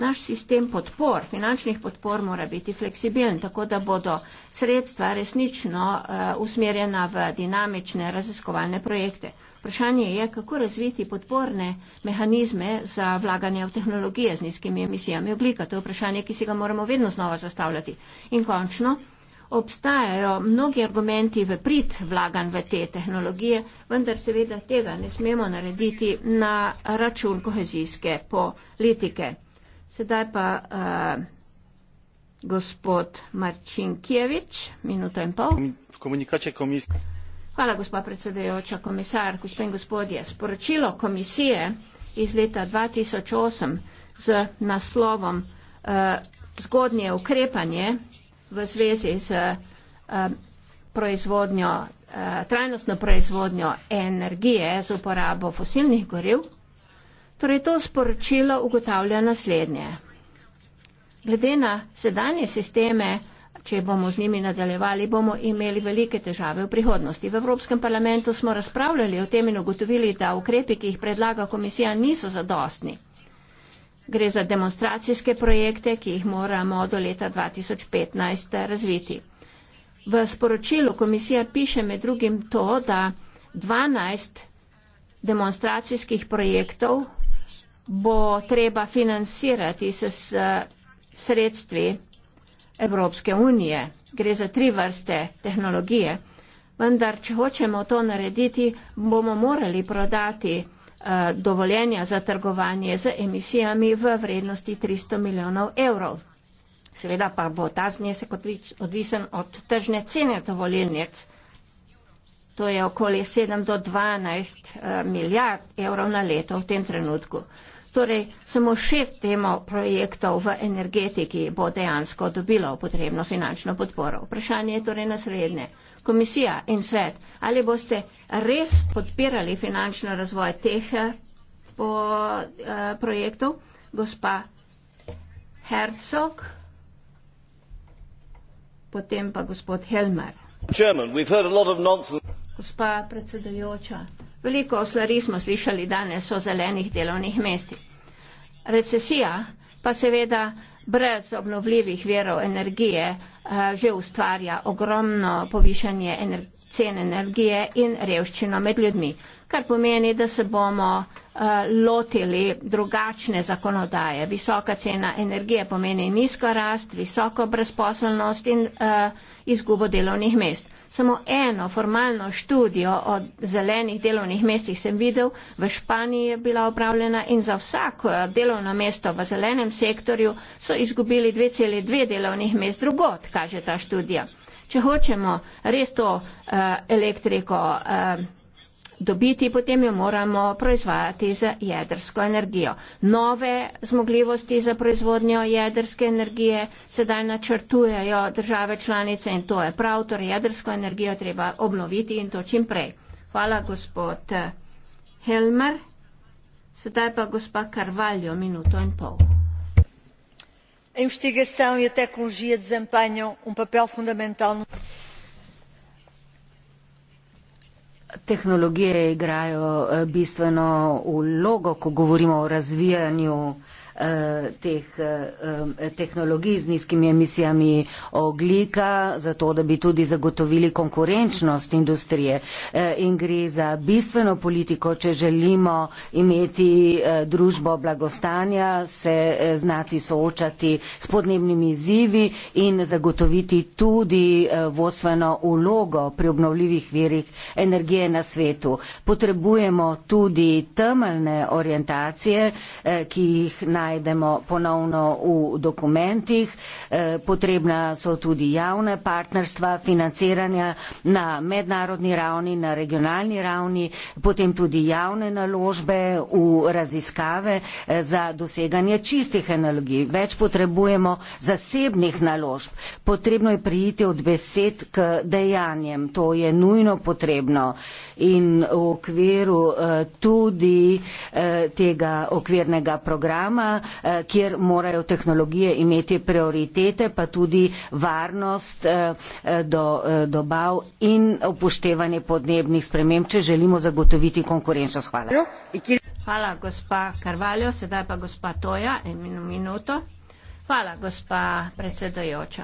Naš sistem podpor, finančnih podpor mora biti fleksibilen, tako da bodo sredstva resnično uh, usmerjena v dinamične raziskovalne projekte. Vprašanje je, kako razviti podporne mehanizme za vlaganje v tehnologije z nizkimi emisijami oblika. To je vprašanje, ki si ga moramo vedno znova zastavljati. In končno, obstajajo mnogi argumenti v prid vlagan v te tehnologije, vendar seveda tega ne smemo narediti na račun kohezijske politike. Sedaj pa uh, gospod Marčin Kjevič, minuta in pol. Komunikače komisije. Hvala, gospa predsedajoča, komisar, gospe in gospodje. Sporočilo komisije iz leta 2008 z naslovom uh, Zgodnje ukrepanje v zvezi z uh, proizvodnjo, uh, trajnostno proizvodnjo energije z uporabo fosilnih goriv Torej to sporočilo ugotavlja naslednje. Glede na sedanje sisteme, če bomo z njimi nadaljevali, bomo imeli velike težave v prihodnosti. V Evropskem parlamentu smo razpravljali o tem in ugotovili, da ukrepi, ki jih predlaga komisija, niso zadostni. Gre za demonstracijske projekte, ki jih moramo do leta 2015 razviti. V sporočilu komisija piše med drugim to, da 12 demonstracijskih projektov bo treba financirati s sredstvi Evropske unije. Gre za tri vrste tehnologije. Vendar, če hočemo to narediti, bomo morali prodati uh, dovoljenja za trgovanje z emisijami v vrednosti 300 milijonov evrov. Seveda pa bo ta znesek odvisen od tržne cene dovoljenjec. To je okoli 7 do 12 uh, eh, milijard evrov na leto v tem trenutku. Uh, torej samo šest temo projektov v energetiki bo dejansko dobilo potrebno finančno podporo. Vprašanje je torej naslednje. Komisija in svet, ali boste res podpirali finančno razvoj teh eh, po, eh, projektov? Gospa Herzog, potem pa gospod Helmer. German, we've heard a lot of gospa predsedujoča, Veliko slari smo slišali danes o zelenih delovnih mestih. Recesija pa seveda brez obnovljivih verov energije eh, že ustvarja ogromno povišanje ener cen energije in revščino med ljudmi, kar pomeni, da se bomo eh, lotili drugačne zakonodaje. Visoka cena energije pomeni nizko rast, visoko brezposelnost in eh, izgubo delovnih mest. Samo eno formalno študijo o zelenih delovnih mestih sem videl, v Španiji je bila opravljena in za vsako delovno mesto v zelenem sektorju so izgubili 2,2 delovnih mest drugot, kaže ta študija. Če hočemo res to uh, elektriko uh, dobiti, potem jo moramo proizvajati z jedrsko energijo. Nove zmogljivosti za proizvodnjo jedrske energije sedaj načrtujejo države članice in to je prav, torej jedrsko energijo treba obnoviti in to čim prej. Hvala, gospod Helmer. Sedaj pa gospa Karvaljo, minuto in pol. Investigação e até tecnologia desempenham um papel fundamental no. tehnologije igrajo eh, bistveno vlogo, ko govorimo o razvijanju Eh, teh eh, tehnologij z nizkimi emisijami oglika, zato da bi tudi zagotovili konkurenčnost industrije. Eh, in gre za bistveno politiko, če želimo imeti družbo blagostanja, se znati soočati s podnebnimi izzivi in zagotoviti tudi vodstveno ulogo pri obnovljivih virih energije na svetu. Potrebujemo tudi temeljne orientacije, ki jih na najdemo ponovno v dokumentih. Eh, potrebna so tudi javne partnerstva, financiranja na mednarodni ravni, na regionalni ravni, potem tudi javne naložbe v raziskave eh, za doseganje čistih analogij. Več potrebujemo zasebnih naložb. Potrebno je prijiti od besed k dejanjem. To je nujno potrebno. In v okviru eh, tudi tega okvirnega programa Eh, kjer morajo tehnologije imeti prioritete, pa tudi varnost eh, eh, do dobav in upoštevanje podnebnih sprememb, če želimo zagotoviti konkurenčnost. Hvala. Hvala, gospa Karvaljo. Sedaj pa gospa Toja, eno minuto. Hvala, gospa predsedojoča.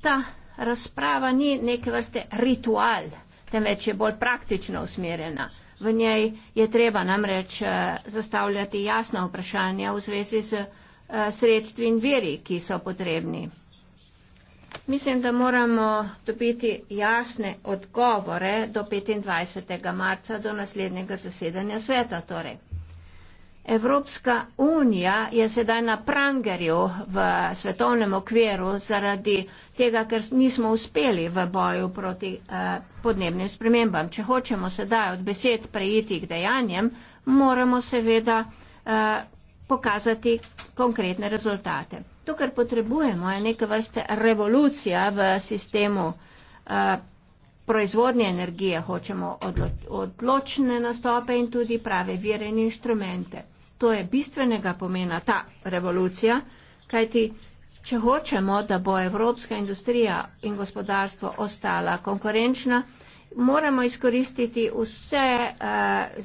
Ta razprava ni neke vrste ritual, temveč je bolj praktično usmerjena. V njej je treba namreč eh, zastavljati jasna vprašanja v zvezi z eh, sredstvi in veri, ki so potrebni. Mislim, da moramo dobiti jasne odgovore do 25. marca, do naslednjega zasedanja sveta. Torej. Evropska unija je sedaj na prangerju v svetovnem okviru zaradi tega, ker nismo uspeli v boju proti eh, podnebnim spremembam. Če hočemo sedaj od besed prejiti k dejanjem, moramo seveda eh, pokazati konkretne rezultate. To, kar potrebujemo, je neke vrste revolucija v sistemu eh, proizvodnje energije hočemo odločne nastope in tudi prave vire in inštrumente. To je bistvenega pomena ta revolucija, kajti če hočemo, da bo evropska industrija in gospodarstvo ostala konkurenčna, moramo izkoristiti vse eh,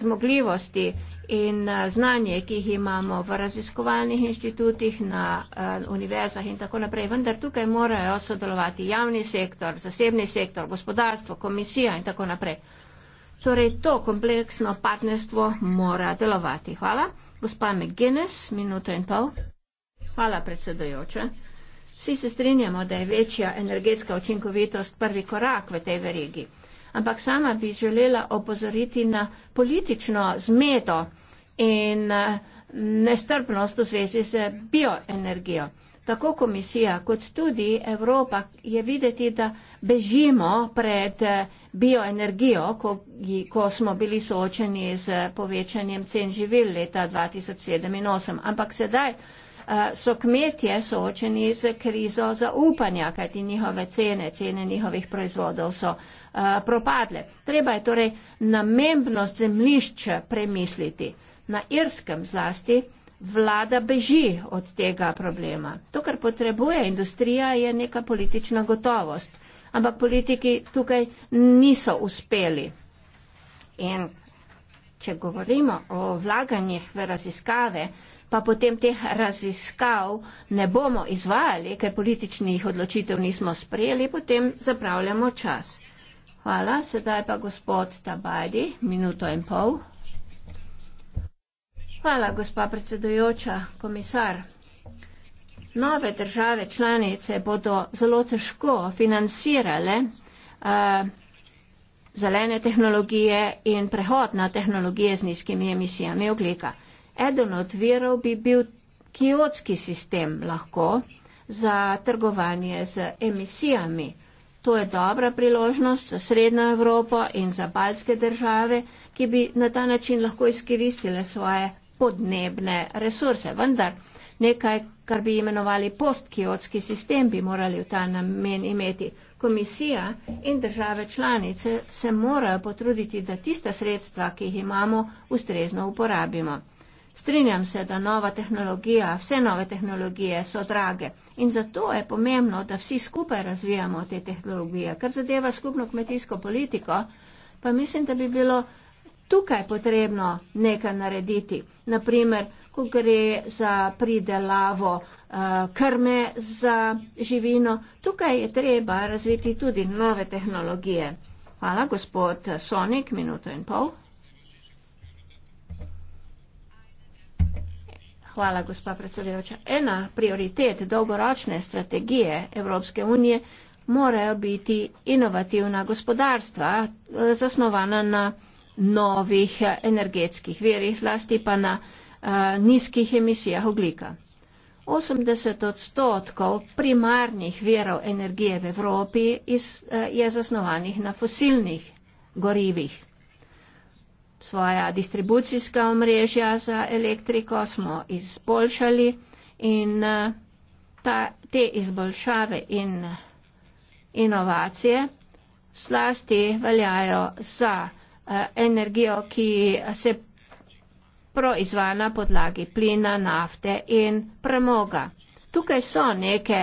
zmogljivosti In eh, znanje, ki jih imamo v raziskovalnih inštitutih, na uh, univerzah in tako naprej, vendar tukaj morajo sodelovati javni sektor, zasebni sektor, gospodarstvo, komisija in tako naprej. Torej, to kompleksno partnerstvo mora delovati. Hvala. Gospa McGuinness, minuto in pol. Hvala, predsedujoče. Vsi se strinjamo, da je večja energetska učinkovitost prvi korak v tej verigi ampak sama bi želela opozoriti na politično zmedo in eh, nestrpnost v zvezi z bioenergijo. Tako komisija kot tudi Evropa je videti, da bežimo pred eh, bioenergijo, ko, ko smo bili soočeni z povečanjem cen živil leta 2007 in 2008. Ampak sedaj Eh, so kmetje soočeni z krizo zaupanja, kajti njihove cene, cene njihovih proizvodov so eh, propadle. Treba je torej namembnost zemljišč premisliti. Na irskem zlasti vlada beži od tega problema. To, kar potrebuje industrija, je neka politična gotovost. Ampak politiki tukaj niso uspeli. In če govorimo o vlaganjih v raziskave, pa potem teh raziskav ne bomo izvajali, ker političnih odločitev nismo sprejeli, potem zapravljamo čas. Hvala, sedaj pa gospod Tabadi, minuto in pol. Hvala, gospa predsedujoča, komisar. Nove države članice bodo zelo težko financirale uh, zelene tehnologije in prehod na tehnologije z nizkimi emisijami oglika. Eden od virov bi bil kiotski sistem lahko za trgovanje z emisijami. To je dobra priložnost za Srednjo Evropo in za balske države, ki bi na ta način lahko izkoristile svoje podnebne resurse. Vendar nekaj, kar bi imenovali postkiotski sistem, bi morali v ta namen imeti. Komisija in države članice se morajo potruditi, da tista sredstva, ki jih imamo, ustrezno uporabimo. Strinjam se, da nova tehnologija, vse nove tehnologije so drage in zato je pomembno, da vsi skupaj razvijamo te tehnologije. Kar zadeva skupno kmetijsko politiko, pa mislim, da bi bilo tukaj potrebno nekaj narediti. Naprimer, ko gre za pridelavo uh, krme za živino, tukaj je treba razviti tudi nove tehnologije. Hvala, gospod Sonik, minuto in pol. Hvala, gospa predsedujoča. Ena prioritet dolgoročne strategije Evropske unije morajo biti inovativna gospodarstva, eh, zasnovana na novih eh, energetskih verih, zlasti pa na uh, nizkih emisijah oglika. 80 odstotkov primarnih verov energije v Evropi iz, uh, je zasnovanih na fosilnih gorivih svoja distribucijska omrežja za elektriko, smo izboljšali in eh, ta, te izboljšave in inovacije slasti veljajo za eh, energijo, ki se proizvaja na podlagi plina, nafte in premoga. Tukaj so neke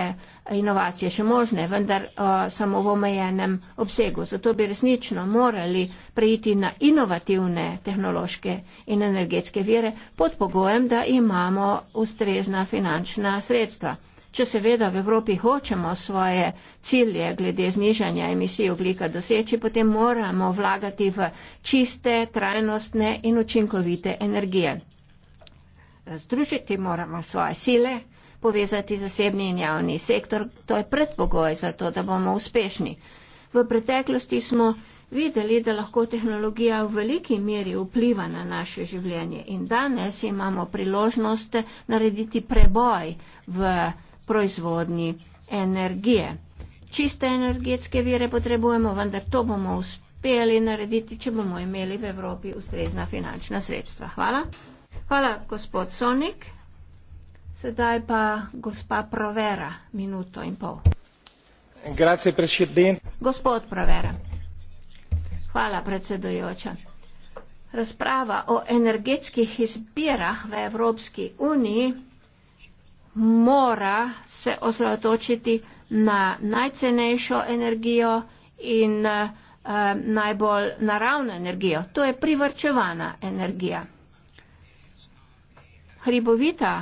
inovacije še možne, vendar uh, samo v omejenem obsegu. Zato bi resnično morali preiti na inovativne tehnološke in energetske vire pod pogojem, da imamo ustrezna finančna sredstva. Če seveda v Evropi hočemo svoje cilje glede znižanja emisij oglika doseči, potem moramo vlagati v čiste, trajnostne in učinkovite energije. Združiti moramo svoje sile povezati zasebni in javni sektor. To je predpogoj za to, da bomo uspešni. V preteklosti smo videli, da lahko tehnologija v veliki meri vpliva na naše življenje in danes imamo priložnost narediti preboj v proizvodni energije. Čiste energetske vire potrebujemo, vendar to bomo uspeli narediti, če bomo imeli v Evropi ustrezna finančna sredstva. Hvala. Hvala, gospod Sonik. Sedaj pa gospa Provera, minuto in pol. Grazie, predsednik. Gospod Provera. Hvala, predsedujoča. Razprava o energetskih izbirah v Evropski uniji mora se osredotočiti na najcenejšo energijo in uh, najbolj naravno energijo. To je privrčevana energija. Hribovita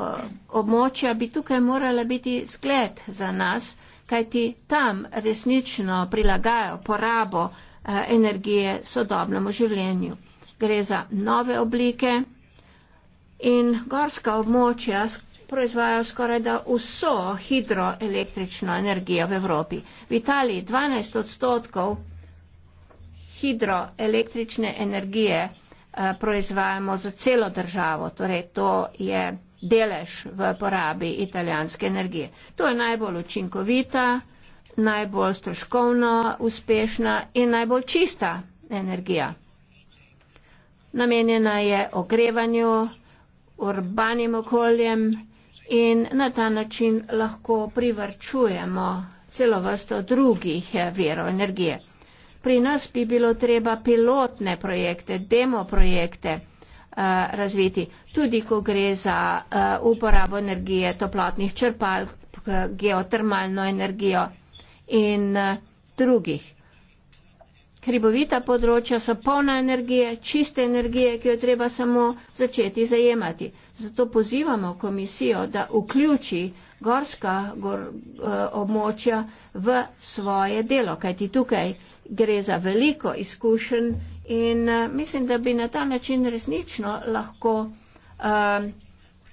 Eh, območja bi tukaj morala biti zgled za nas, kajti tam resnično prilagajo porabo eh, energije sodobnemu življenju. Gre za nove oblike in gorska območja proizvajajo skoraj da vso hidroelektrično energijo v Evropi. V Italiji 12 odstotkov hidroelektrične energije eh, proizvajamo za celo državo, torej to je delež v porabi italijanske energije. To je najbolj učinkovita, najbolj stroškovno uspešna in najbolj čista energija. Namenjena je ogrevanju, urbanim okoljem in na ta način lahko privrčujemo celo vrsto drugih eh, verov energije. Pri nas bi bilo treba pilotne projekte, demo projekte, Eh, razviti. Tudi, ko gre za uh, uporabo energije toplotnih črpalk, eh, geotermalno energijo in uh, drugih. Hribovita področja so polna energije, čiste energije, ki jo treba samo začeti zajemati. Zato pozivamo komisijo, da vključi gorska gor, uh, območja v svoje delo, kajti tukaj gre za veliko izkušenj. In uh, mislim, da bi na ta način resnično lahko uh,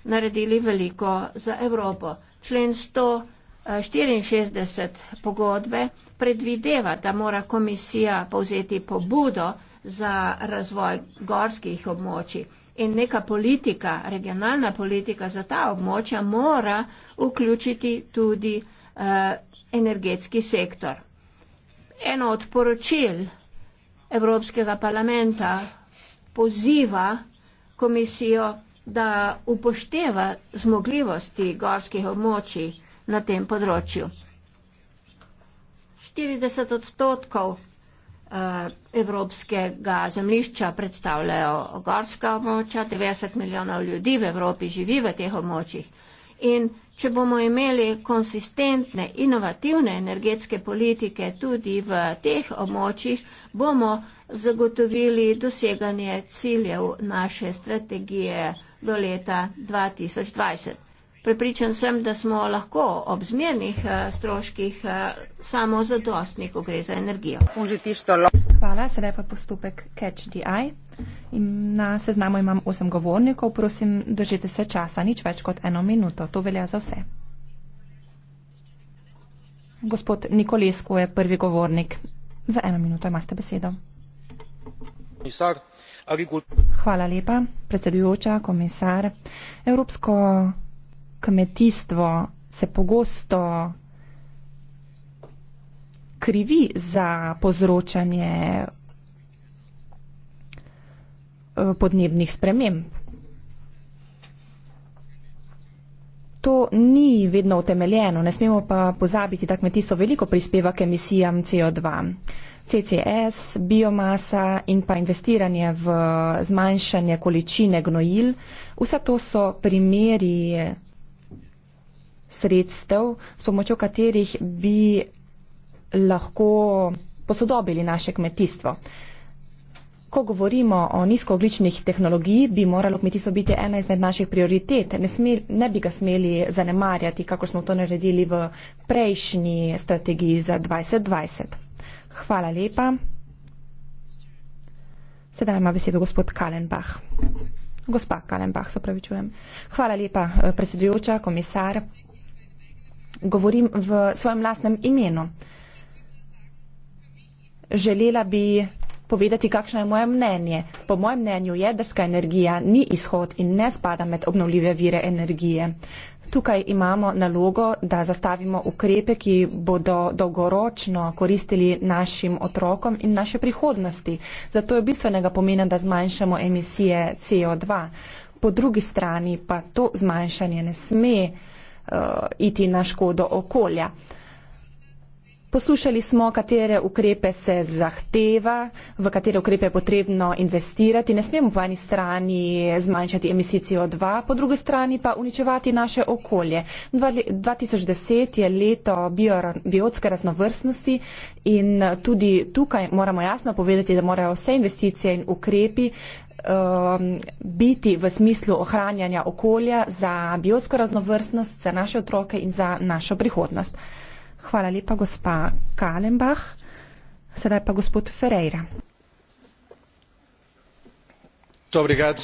naredili veliko za Evropo. Člen 164 eh, pogodbe predvideva, da mora komisija povzeti pobudo za razvoj gorskih območij. In neka politika, regionalna politika za ta območja mora vključiti tudi uh, energetski sektor. Eno od poročil Evropskega parlamenta poziva komisijo, da upošteva zmogljivosti gorskih območij na tem področju. 40 odstotkov eh, evropskega zemlišča predstavljajo gorska območja, 90 milijonov ljudi v Evropi živi v teh območjih in Če bomo imeli konsistentne, inovativne energetske politike tudi v teh območjih, bomo zagotovili doseganje ciljev naše strategije do leta 2020. Prepričan sem, da smo lahko ob zmernih eh, stroških eh, samo zadostni, ko gre za energijo. Hvala, sedaj pa postopek Catch the Eye. In na seznamu imam osem govornikov, prosim, držite se časa, nič več kot eno minuto, to velja za vse. Gospod Nikolesko je prvi govornik. Za eno minuto imate besedo. Komisar, agrikult... Hvala lepa, predsedujoča, komisar. Evropsko kmetijstvo se pogosto krivi za povzročanje eh, podnebnih sprememb. To ni vedno utemeljeno, ne smemo pa pozabiti, da kmetijstvo veliko prispeva k emisijam CO2. CCS, biomasa in pa investiranje v zmanjšanje količine gnojil, vse to so primeri sredstev, s pomočjo katerih bi lahko posodobili naše kmetijstvo. Ko govorimo o nizkoogličnih tehnologiji, bi moralo kmetijstvo biti ena izmed naših prioritet. Ne, smel, ne bi ga smeli zanemarjati, kako smo to naredili v prejšnji strategiji za 2020. Hvala lepa. Sedaj ima besedo gospod Kalenbach. Gospa Kalenbach, se pravičujem. Hvala lepa, eh, predsedujoča, komisar govorim v svojem lastnem imenu. Želela bi povedati, kakšno je moje mnenje. Po mojem mnenju jedrska energija ni izhod in ne spada med obnovljive vire energije. Tukaj imamo nalogo, da zastavimo ukrepe, ki bodo dolgoročno koristili našim otrokom in naše prihodnosti. Zato je bistvenega pomena, da zmanjšamo emisije CO2. Po drugi strani pa to zmanjšanje ne sme uh, iti na škodo okolja. Poslušali smo, katere ukrepe se zahteva, v katere ukrepe je potrebno investirati. Ne smemo po eni strani zmanjšati emisij CO2, po drugi strani pa uničevati naše okolje. 2010 je leto bio, biotske raznovrstnosti in tudi tukaj moramo jasno povedati, da morajo vse investicije in ukrepi uh, um, biti v smislu ohranjanja okolja za biotsko raznovrstnost, za naše otroke in za našo prihodnost. Hvala lepa, gospa Kalenbach. Sedaj pa gospod Ferreira. Dobrigad,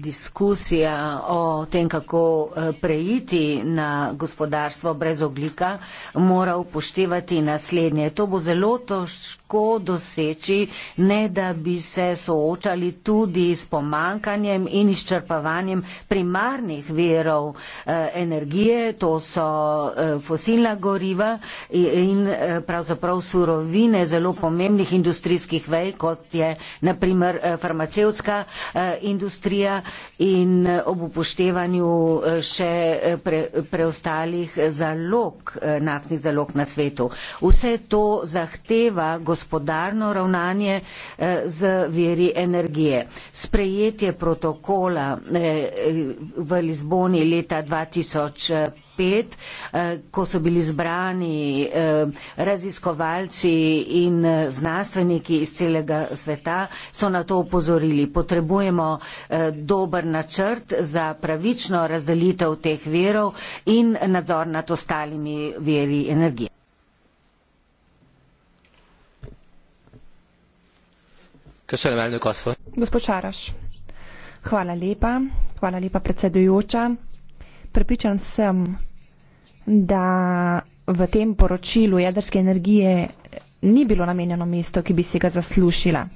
diskusija o tem, kako eh, preiti na gospodarstvo brez oglika, mora upoštevati naslednje. To bo zelo težko doseči, ne da bi se soočali tudi s pomankanjem in izčrpavanjem primarnih verov eh, energije, to so eh, fosilna goriva in pravzaprav surovine zelo pomembnih industrijskih vej, kot je naprimer farmacevtska industrija študija in eh, ob upoštevanju eh, še eh, pre, preostalih zalog, naftnih zalog na svetu. Vse to zahteva gospodarno ravnanje z veri energije. Sprejetje protokola v Lizboni leta 2005 2005, eh, ko so bili zbrani eh, raziskovalci in eh, znanstveniki iz celega sveta, so na to upozorili. Potrebujemo dober načrt za pravično razdelitev teh verov in nadzor nad ostalimi veri energije. Köszönöm, elnök Gospod Hvala lepa, hvala lepa predsedujoča. Pripričan sem, da v tem poročilu jedrske energije ni bilo namenjeno mesto, ki bi si ga zaslušila.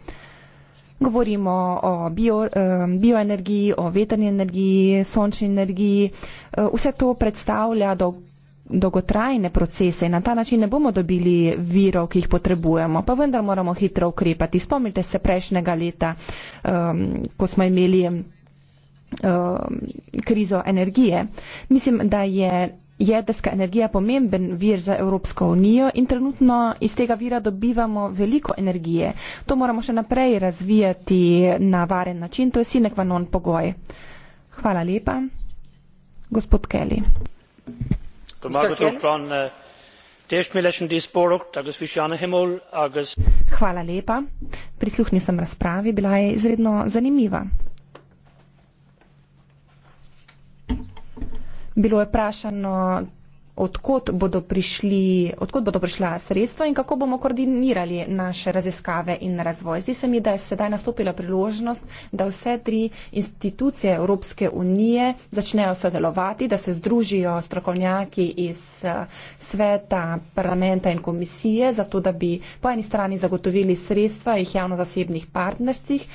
Govorimo o bio, eh, bioenergiji, o veterni energiji, sončni energiji. Eh, vse to predstavlja do, dolgotrajne procese in na ta način ne bomo dobili virov, ki jih potrebujemo. Pa vendar moramo hitro ukrepati. Spomnite se prejšnjega leta, um, ko smo imeli um, krizo energije. Mislim, da je jedrska energija pomemben vir za Evropsko unijo in trenutno iz tega vira dobivamo veliko energije. To moramo še naprej razvijati na varen način, to je sine qua non pogoj. Hvala lepa. Gospod Kelly. Hvala lepa. Prisluhnil sem razpravi, bila je izredno zanimiva. bilo je vprašano, odkot bodo, prišli, odkot bodo prišla sredstva in kako bomo koordinirali naše raziskave in razvoj. Zdi se mi, da je sedaj nastopila priložnost, da vse tri institucije Evropske unije začnejo sodelovati, da se združijo strokovnjaki iz eh, sveta, parlamenta in komisije, zato da bi po eni strani zagotovili sredstva in javno-zasebnih partnerstvih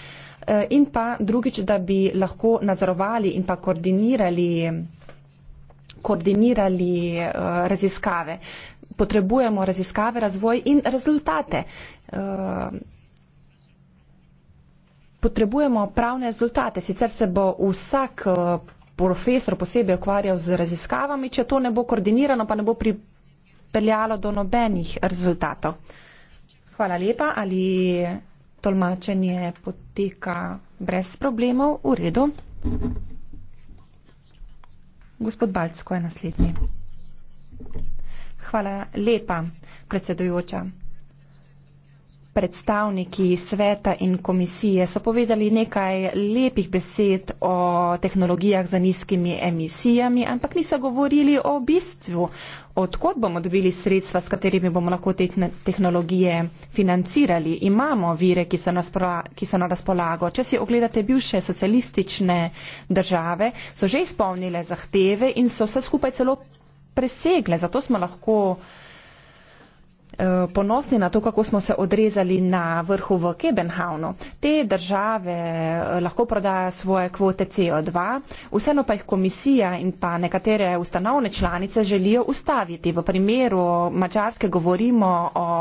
eh, in pa drugič, da bi lahko nadzorovali in pa koordinirali koordinirali eh, raziskave. Potrebujemo raziskave, razvoj in rezultate. Eh, potrebujemo pravne rezultate, sicer se bo vsak eh, profesor posebej ukvarjal z raziskavami, če to ne bo koordinirano, pa ne bo pripeljalo do nobenih rezultatov. Hvala lepa. Ali tolmačenje poteka brez problemov? V redu. Mm -hmm. Gospod Baljcko je naslednji. Hvala lepa, predsedujoča predstavniki sveta in komisije so povedali nekaj lepih besed o tehnologijah za nizkimi emisijami, ampak niso govorili o bistvu, odkot bomo dobili sredstva, s katerimi bomo lahko te tehnologije financirali. Imamo vire, ki so, ki so na razpolago. Če si ogledate bivše socialistične države, so že izpolnile zahteve in so vse skupaj celo presegle. Zato smo lahko. Eh, ponosni na to, kako smo se odrezali na vrhu v Kebenhavnu. Te države eh, lahko prodajo svoje kvote CO2, vseeno pa jih komisija in pa nekatere ustanovne članice želijo ustaviti. V primeru Mačarske govorimo o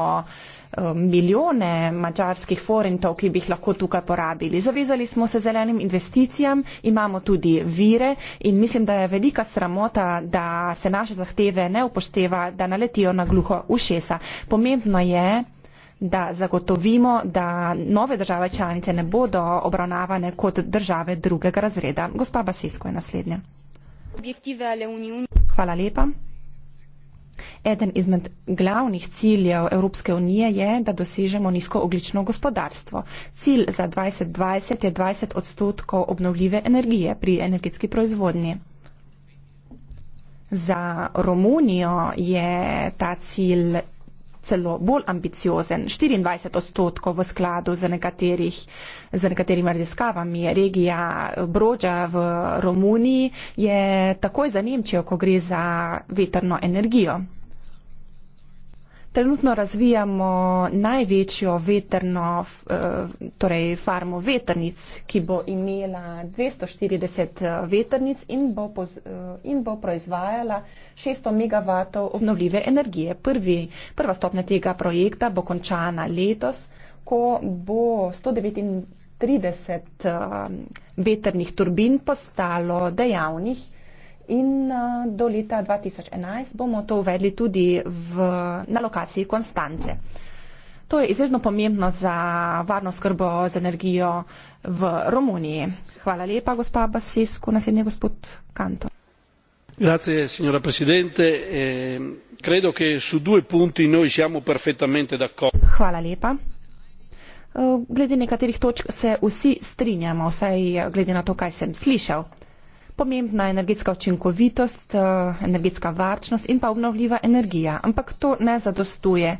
Um, milijone mačarskih forintov, ki bi jih lahko tukaj porabili. Zavezali smo se zelenim investicijam, imamo tudi vire in mislim, da je velika sramota, da se naše zahteve ne upošteva, da naletijo na gluho ušesa. Pomembno je, da zagotovimo, da nove države članice ne bodo obravnavane kot države drugega razreda. Gospa Basisko je naslednja. Hvala lepa. Eden izmed glavnih ciljev Evropske unije je, da dosežemo nizkooglično gospodarstvo. Cilj za 2020 je 20 odstotkov obnovljive energije pri energetski proizvodnji. Za Romunijo je ta cilj celo bolj ambiciozen, 24 odstotkov v skladu z, nekaterih, z nekaterimi raziskavami. Regija Brođa v Romuniji je takoj za Nemčijo, ko gre za vetrno energijo trenutno razvijamo največjo veterno, eh, torej farmo veternic, ki bo imela 240 eh, veternic in bo, poz, eh, in bo proizvajala 600 MW obnovljive energije. Prvi, prva stopnja tega projekta bo končana letos, ko bo 139 veternih turbin postalo dejavnih. In eh, do leta 2011 bomo to uvedli tudi v, na lokaciji Konstance. To je izredno pomembno za varno skrbo z energijo v Romuniji. Hvala lepa, gospa Basisku. Naslednji je gospod Kanto. Grazie, signora Presidente. Eh, credo che su due punti noi siamo perfettamente d'accordo. Hvala lepa. Eh, glede nekaterih točk se vsi strinjamo, vsaj eh, glede na to, kaj sem slišal pomembna energetska učinkovitost, eh, energetska varčnost in pa obnovljiva energija. Ampak to ne zadostuje.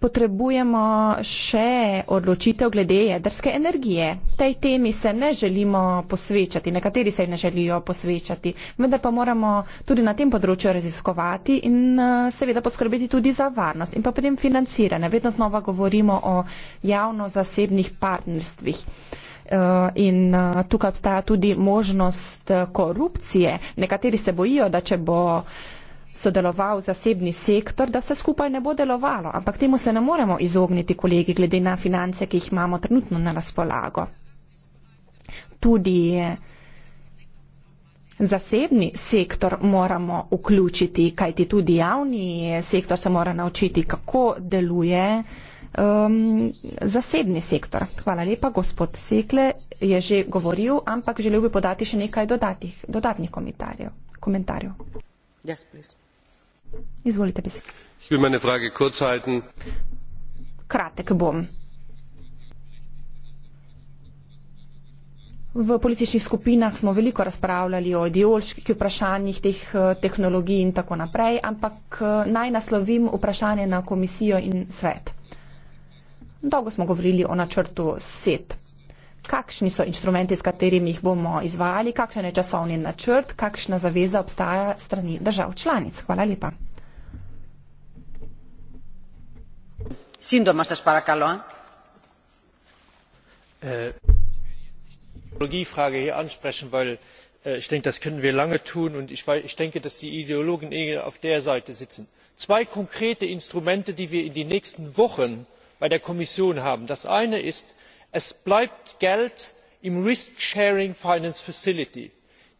Potrebujemo še odločitev glede jedrske energije. Tej temi se ne želimo posvečati, nekateri se ji ne želijo posvečati, vendar pa moramo tudi na tem področju raziskovati in eh, seveda poskrbeti tudi za varnost in pa potem financiranje. Vedno znova govorimo o javno-zasebnih partnerstvih. Eh, in eh, tukaj obstaja tudi možnost eh, korupcije. Nekateri se bojijo, da če bo sodeloval zasebni sektor, da vse skupaj ne bo delovalo, ampak temu se ne moremo izogniti, kolegi, glede na finance, ki jih imamo trenutno na razpolago. Tudi zasebni sektor moramo vključiti, kajti tudi javni sektor se mora naučiti, kako deluje uh, um, zasebni sektor. Hvala lepa, gospod Sekle je že govoril, ampak želel bi podati še nekaj dodatih, dodatnih komentarjev. komentarjev. Yes, Izvolite besedo. Kratek bom. V političnih skupinah smo veliko razpravljali o ideoloških vprašanjih teh eh, tehnologij in tako naprej, ampak eh, naj naslovim vprašanje na komisijo in svet. Dolgo smo govorili o načrtu SET. Kakšni so inštrumenti, s katerimi jih bomo izvajali, kakšen je časovni načrt, kakšna zaveza obstaja strani držav članic? Hvala lepa. Sindoma se sparakalo. Ich denke, das können wir lange tun und ich, ich denke, dass die Ideologen eher auf der Seite sitzen. Zwei konkrete Instrumente, die wir in den nächsten Wochen bei der kommission haben das eine ist es bleibt geld im risk sharing finance facility.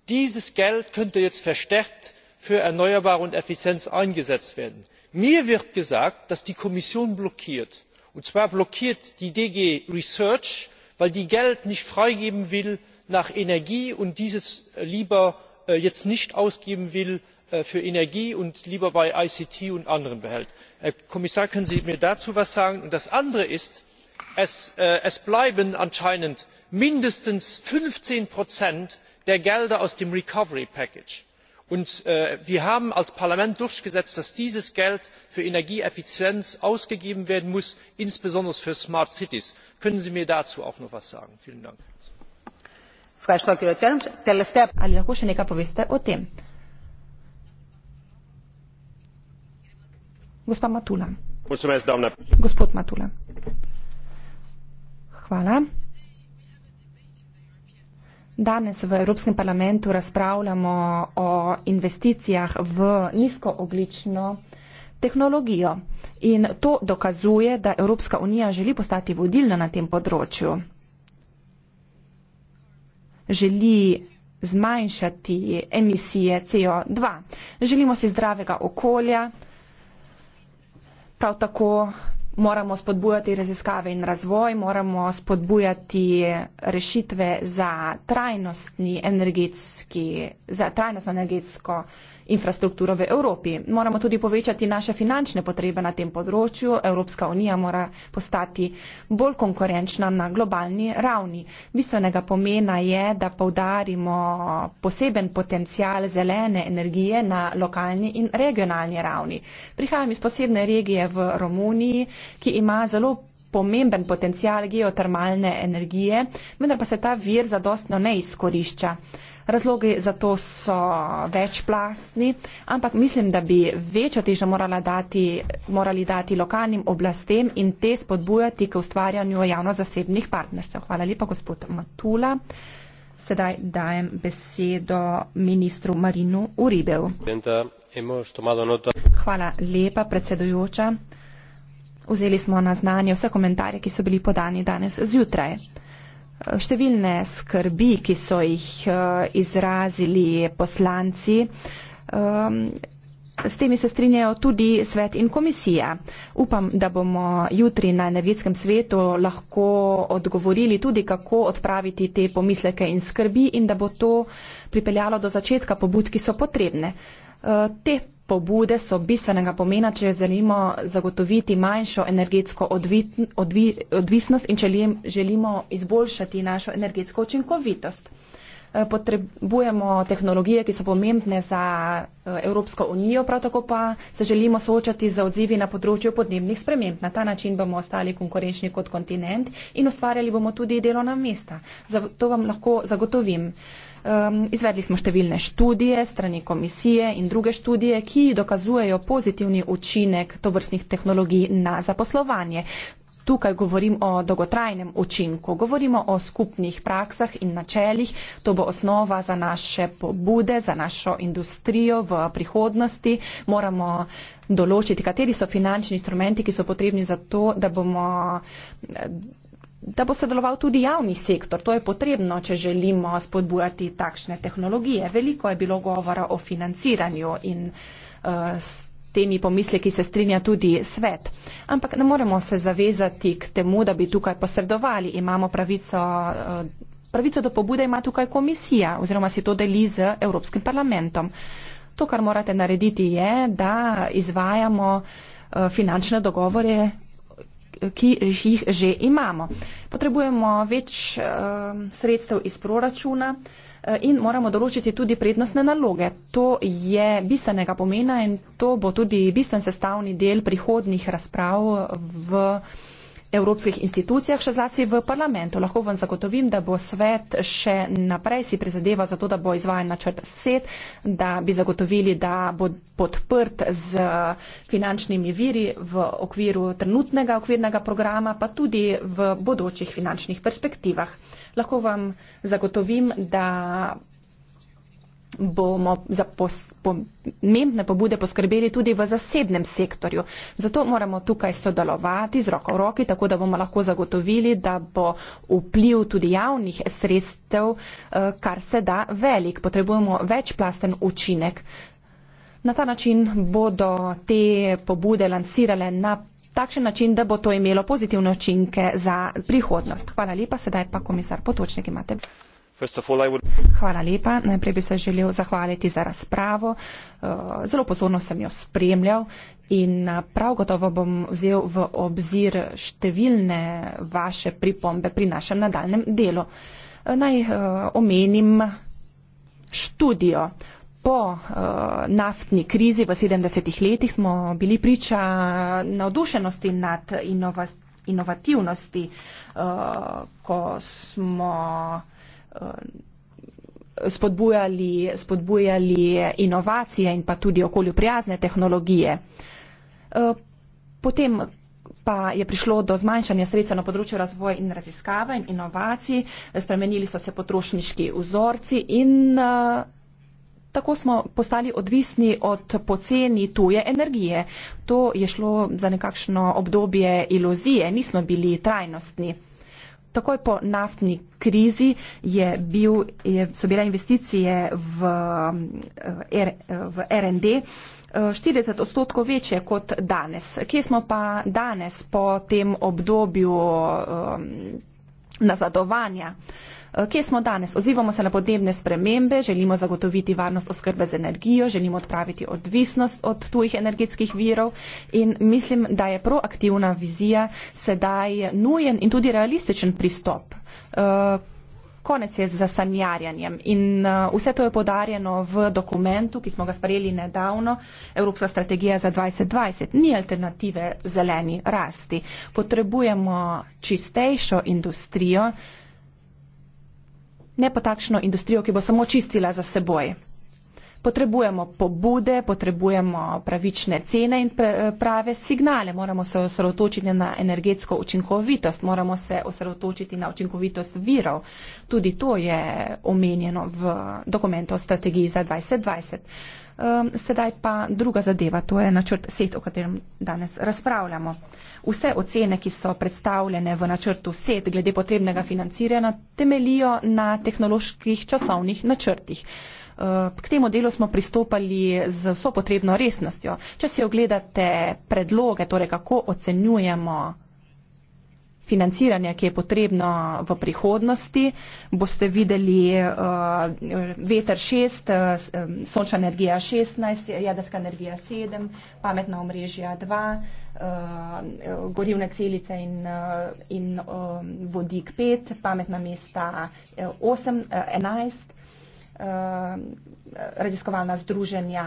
dieses geld könnte jetzt verstärkt für erneuerbare und effizienz eingesetzt werden. mir wird gesagt dass die kommission blockiert und zwar blockiert die dg research weil die geld nicht freigeben will nach energie und dieses lieber äh, jetzt nicht ausgeben will Äh, für energie und lieber bei ict und anderem behält. herr kommissar können sie mir dazu etwas sagen? das andere ist äh, es bleiben anscheinend mindestens fünfzehn der gelder aus dem recovery package und äh, wir haben als parlament durchgesetzt dass dieses geld für energieeffizienz ausgegeben werden muss insbesondere für smart cities. können sie mir dazu auch noch etwas sagen? Danes v Evropskem parlamentu razpravljamo o investicijah v nizkooglično tehnologijo. In to dokazuje, da Evropska unija želi postati vodilna na tem področju. Želi zmanjšati emisije CO2. Želimo si zdravega okolja, Prav tako moramo spodbujati raziskave in razvoj, moramo spodbujati rešitve za trajnostni energetski, za trajnostno energetsko infrastrukturo v Evropi. Moramo tudi povečati naše finančne potrebe na tem področju. Evropska unija mora postati bolj konkurenčna na globalni ravni. Bistvenega pomena je, da povdarimo poseben potencial zelene energije na lokalni in regionalni ravni. Prihajam iz posebne regije v Romuniji, ki ima zelo pomemben potencial geotermalne energije, vendar pa se ta vir zadostno ne izkorišča. Razlogi za to so večplastni, ampak mislim, da bi večjo težo dati, morali dati lokalnim oblastem in te spodbujati k ustvarjanju javno-zasebnih partnerstev. Hvala lepa, gospod Matula. Sedaj dajem besedo ministru Marinu Uribev. Hvala lepa, predsedujoča. Vzeli smo na znanje vse komentarje, ki so bili podani danes zjutraj. Številne skrbi, ki so jih eh, izrazili poslanci, eh, s temi se strinjajo tudi svet in komisija. Upam, da bomo jutri na energetskem svetu lahko odgovorili tudi, kako odpraviti te pomisleke in skrbi in da bo to pripeljalo do začetka pobud, ki so potrebne. Eh, te pobude so bistvenega pomena, če želimo zagotoviti manjšo energetsko odvisnost in če želimo izboljšati našo energetsko učinkovitost. Eh, potrebujemo tehnologije, ki so pomembne za eh, Evropsko unijo, prav tako pa se želimo soočati za odzivi na področju podnebnih sprememb. Na ta način bomo ostali konkurenčni kot kontinent in ustvarjali bomo tudi delovna mesta. To vam lahko zagotovim. Um, izvedli smo številne študije strani komisije in druge študije, ki dokazujejo pozitivni učinek tovrstnih tehnologij na zaposlovanje. Tukaj govorim o dolgotrajnem učinku, govorimo o skupnih praksah in načeljih. To bo osnova za naše pobude, za našo industrijo v prihodnosti. Moramo določiti, kateri so finančni instrumenti, ki so potrebni za to, da bomo da bo sodeloval tudi javni sektor. To je potrebno, če želimo spodbujati takšne tehnologije. Veliko je bilo govora o financiranju in eh, s temi pomisleki se strinja tudi svet. Ampak ne moremo se zavezati k temu, da bi tukaj posredovali. Imamo pravico, eh, pravico do pobude, ima tukaj komisija oziroma si to deli z Evropskim parlamentom. To, kar morate narediti, je, da izvajamo eh, finančne dogovore ki jih že imamo. Potrebujemo več eh, sredstev iz proračuna eh, in moramo določiti tudi prednostne naloge. To je bistvenega pomena in to bo tudi bistven sestavni del prihodnih razprav v proračunu evropskih institucijah, še zlasti v parlamentu. Lahko vam zagotovim, da bo svet še naprej si prizadeva za to, da bo izvajen načrt SET, da bi zagotovili, da bo podprt z finančnimi viri v okviru trenutnega okvirnega programa, pa tudi v bodočih finančnih perspektivah. Lahko vam zagotovim, da bomo za pos, pomembne pobude poskrbeli tudi v zasebnem sektorju. Zato moramo tukaj sodelovati z roko v roki, tako da bomo lahko zagotovili, da bo vpliv tudi javnih sredstev, eh, kar se da velik. Potrebujemo večplasten učinek. Na ta način bodo te pobude lansirale na takšen način, da bo to imelo pozitivne učinke za prihodnost. Hvala lepa, sedaj pa komisar Potočnik imate. Hvala lepa. Najprej bi se želel zahvaliti za razpravo. Eh, zelo pozorno sem jo spremljal in eh, prav gotovo bom vzel v obzir številne vaše pripombe pri našem nadaljem delu. Eh, naj omenim študijo. Po naftni krizi v 70-ih letih smo bili priča navdušenosti nad inovativnosti, ko smo Eh, spodbujali, spodbujali inovacije in pa tudi okolju prijazne tehnologije. Eh, potem pa je prišlo do zmanjšanja sredstva na področju razvoja in raziskave in inovacij, spremenili so se potrošniški vzorci in eh, tako smo postali odvisni od poceni tuje energije. To je šlo za nekakšno obdobje iluzije, nismo bili trajnostni takoj po naftni krizi je bil, je, so bile investicije v, eh, eh, v RND 40 eh, odstotkov večje kot danes. Kje smo pa danes po tem obdobju um, nazadovanja? Uh, Eh, kje smo danes. Ozivamo se na podnebne spremembe, želimo zagotoviti varnost oskrbe z energijo, želimo odpraviti odvisnost od tujih energetskih virov in mislim, da je proaktivna vizija sedaj nujen in tudi realističen pristop. Eh, konec je za sanjarjanjem in eh, vse to je podarjeno v dokumentu, ki smo ga sprejeli nedavno, Evropska strategija za 2020. Ni alternative zeleni rasti. Potrebujemo čistejšo industrijo, ne pa takšno industrijo, ki bo samo čistila za seboj. Potrebujemo pobude, potrebujemo pravične cene in eh, prave signale. Moramo se osredotočiti na energetsko učinkovitost, moramo se osredotočiti na učinkovitost virov. Tudi to je omenjeno v dokumentu o strategiji za 2020. Um, sedaj pa druga zadeva, to je načrt SET, o katerem danes razpravljamo. Vse ocene, ki so predstavljene v načrtu SET glede potrebnega financiranja, temelijo na tehnoloških časovnih načrtih. Ehm, k temu delu smo pristopali z vso potrebno resnostjo. Če si ogledate predloge, torej kako ocenjujemo financiranja, ki je potrebno v prihodnosti. Boste videli uh, veter 6, uh, eh, eh, sončna energija 16, jedrska energija 7, pametna omrežja 2, uh, gorivne celice in, uh, in uh, vodik 5, pametna mesta 8, uh, 11. Uh, raziskovalna združenja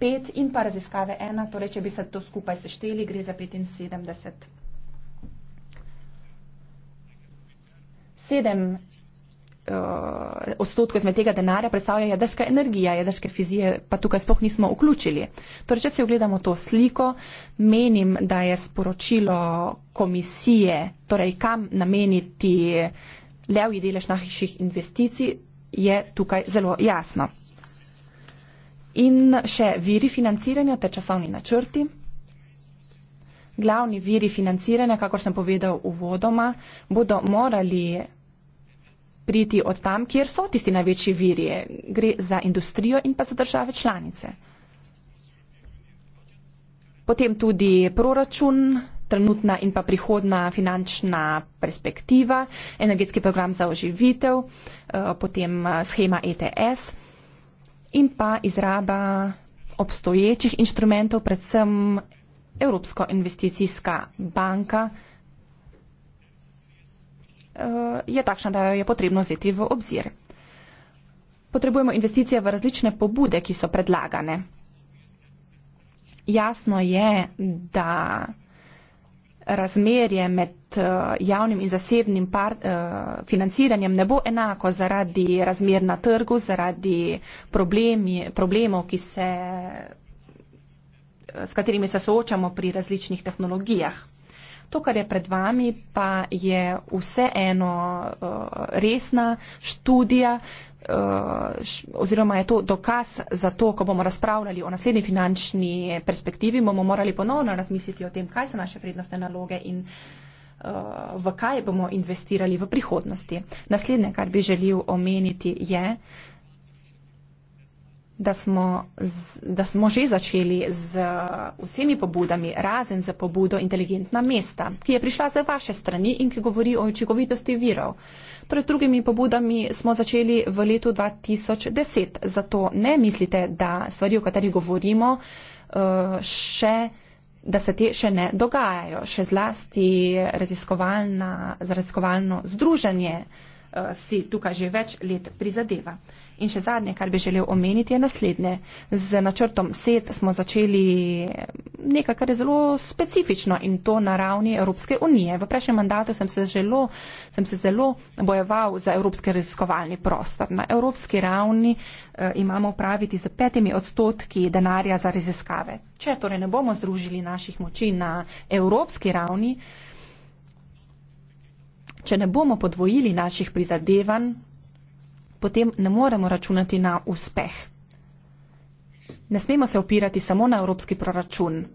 5 uh, in pa raziskave 1, torej če bi se to skupaj sešteli, gre za 75. sedem eh, odstotkov izmed tega denarja predstavlja jedrska energija, jedrske fizije pa tukaj sploh nismo vključili. Torej, če si ogledamo to sliko, menim, da je sporočilo komisije, torej kam nameniti levji delež naših investicij, je tukaj zelo jasno. In še viri financiranja ter časovni načrti. Glavni viri financiranja, kakor sem povedal uvodoma, bodo morali priti od tam, kjer so tisti največji virje. Gre za industrijo in pa za države članice. Potem tudi proračun, trenutna in pa prihodna finančna perspektiva, energetski program za oživitev, eh, potem eh, schema ETS in pa izraba obstoječih inštrumentov, predvsem Evropsko investicijska banka. Eh, je takšna, da jo je potrebno vzeti v obzir. Potrebujemo investicije v različne pobude, ki so predlagane. Jasno je, da razmerje med eh, javnim in zasebnim par, eh, financiranjem ne bo enako zaradi razmer na trgu, zaradi problemi, problemov, ki se, s katerimi se soočamo pri različnih tehnologijah. To, kar je pred vami, pa je vseeno uh, resna študija eh, oziroma je to dokaz za to, ko bomo razpravljali o naslednji finančni perspektivi, bomo morali ponovno razmisliti o tem, kaj so naše prednostne naloge in eh, v kaj bomo investirali v prihodnosti. Naslednje, kar bi želil omeniti, je, da smo, z, da smo že začeli z uh, vsemi pobudami, razen za pobudo inteligentna mesta, ki je prišla za vaše strani in ki govori o učinkovitosti virov. Torej, z drugimi pobudami smo začeli v letu 2010, zato ne mislite, da stvari, o katerih govorimo, uh, še da se te še ne dogajajo. Še zlasti raziskovalno združenje uh, Eh, si tukaj že več let prizadeva. In še zadnje, kar bi želel omeniti, je naslednje. Z načrtom SET smo začeli eh, nekaj, kar je zelo specifično in to na ravni Evropske unije. V prejšnjem mandatu sem se, želo, sem se zelo bojeval za evropski raziskovalni prostor. Na evropski ravni eh, imamo upraviti z petimi odstotki denarja za raziskave. Če torej ne bomo združili naših moči na evropski ravni, eh, če ne bomo podvojili naših prizadevanj, potem ne moremo računati na uspeh. Ne smemo se opirati samo na evropski proračun.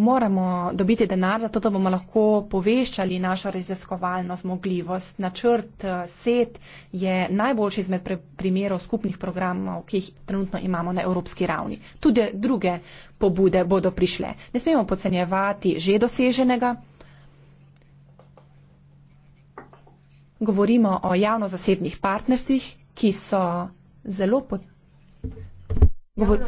Moramo dobiti denar, zato da bomo lahko poveščali našo raziskovalno zmogljivost. Načrt eh, SET je najboljši izmed primerov skupnih programov, ki jih trenutno imamo na evropski ravni. Tudi druge pobude bodo prišle. Ne smemo pocenjevati že doseženega. govorimo o javno-zasebnih partnerstvih, ki so zelo pot... Govor...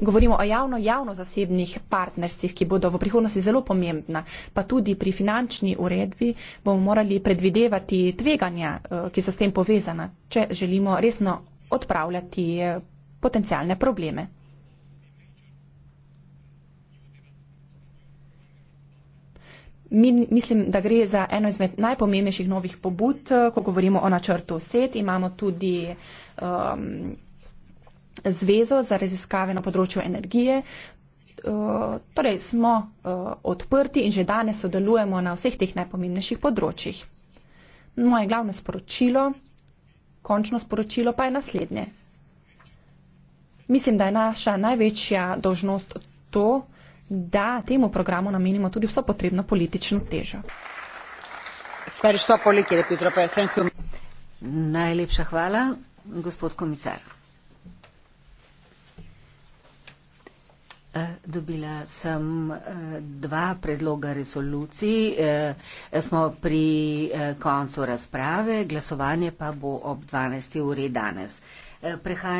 Govorimo o javno-javno-zasebnih partnerstvih, ki bodo v prihodnosti zelo pomembna, pa tudi pri finančni uredbi bomo morali predvidevati tveganja, eh, ki so s tem povezana, če želimo resno odpravljati eh, potencialne probleme. Mi, mislim, da gre za eno izmed najpomembnejših novih pobud, eh, ko govorimo o načrtu SET. Imamo tudi um, zvezo za raziskave na področju energije. Eh, torej smo eh, odprti in že danes sodelujemo na vseh teh najpomembnejših področjih. Moje glavno sporočilo, končno sporočilo pa je naslednje. Mislim, da je naša največja dožnost to, da temu programu namenimo tudi vso potrebno politično težo. Najlepša hvala, gospod komisar. Eh, dobila sem eh, dva predloga resolucij. Eh, smo pri koncu razprave, glasovanje pa bo ob 12. uri danes. Prehajam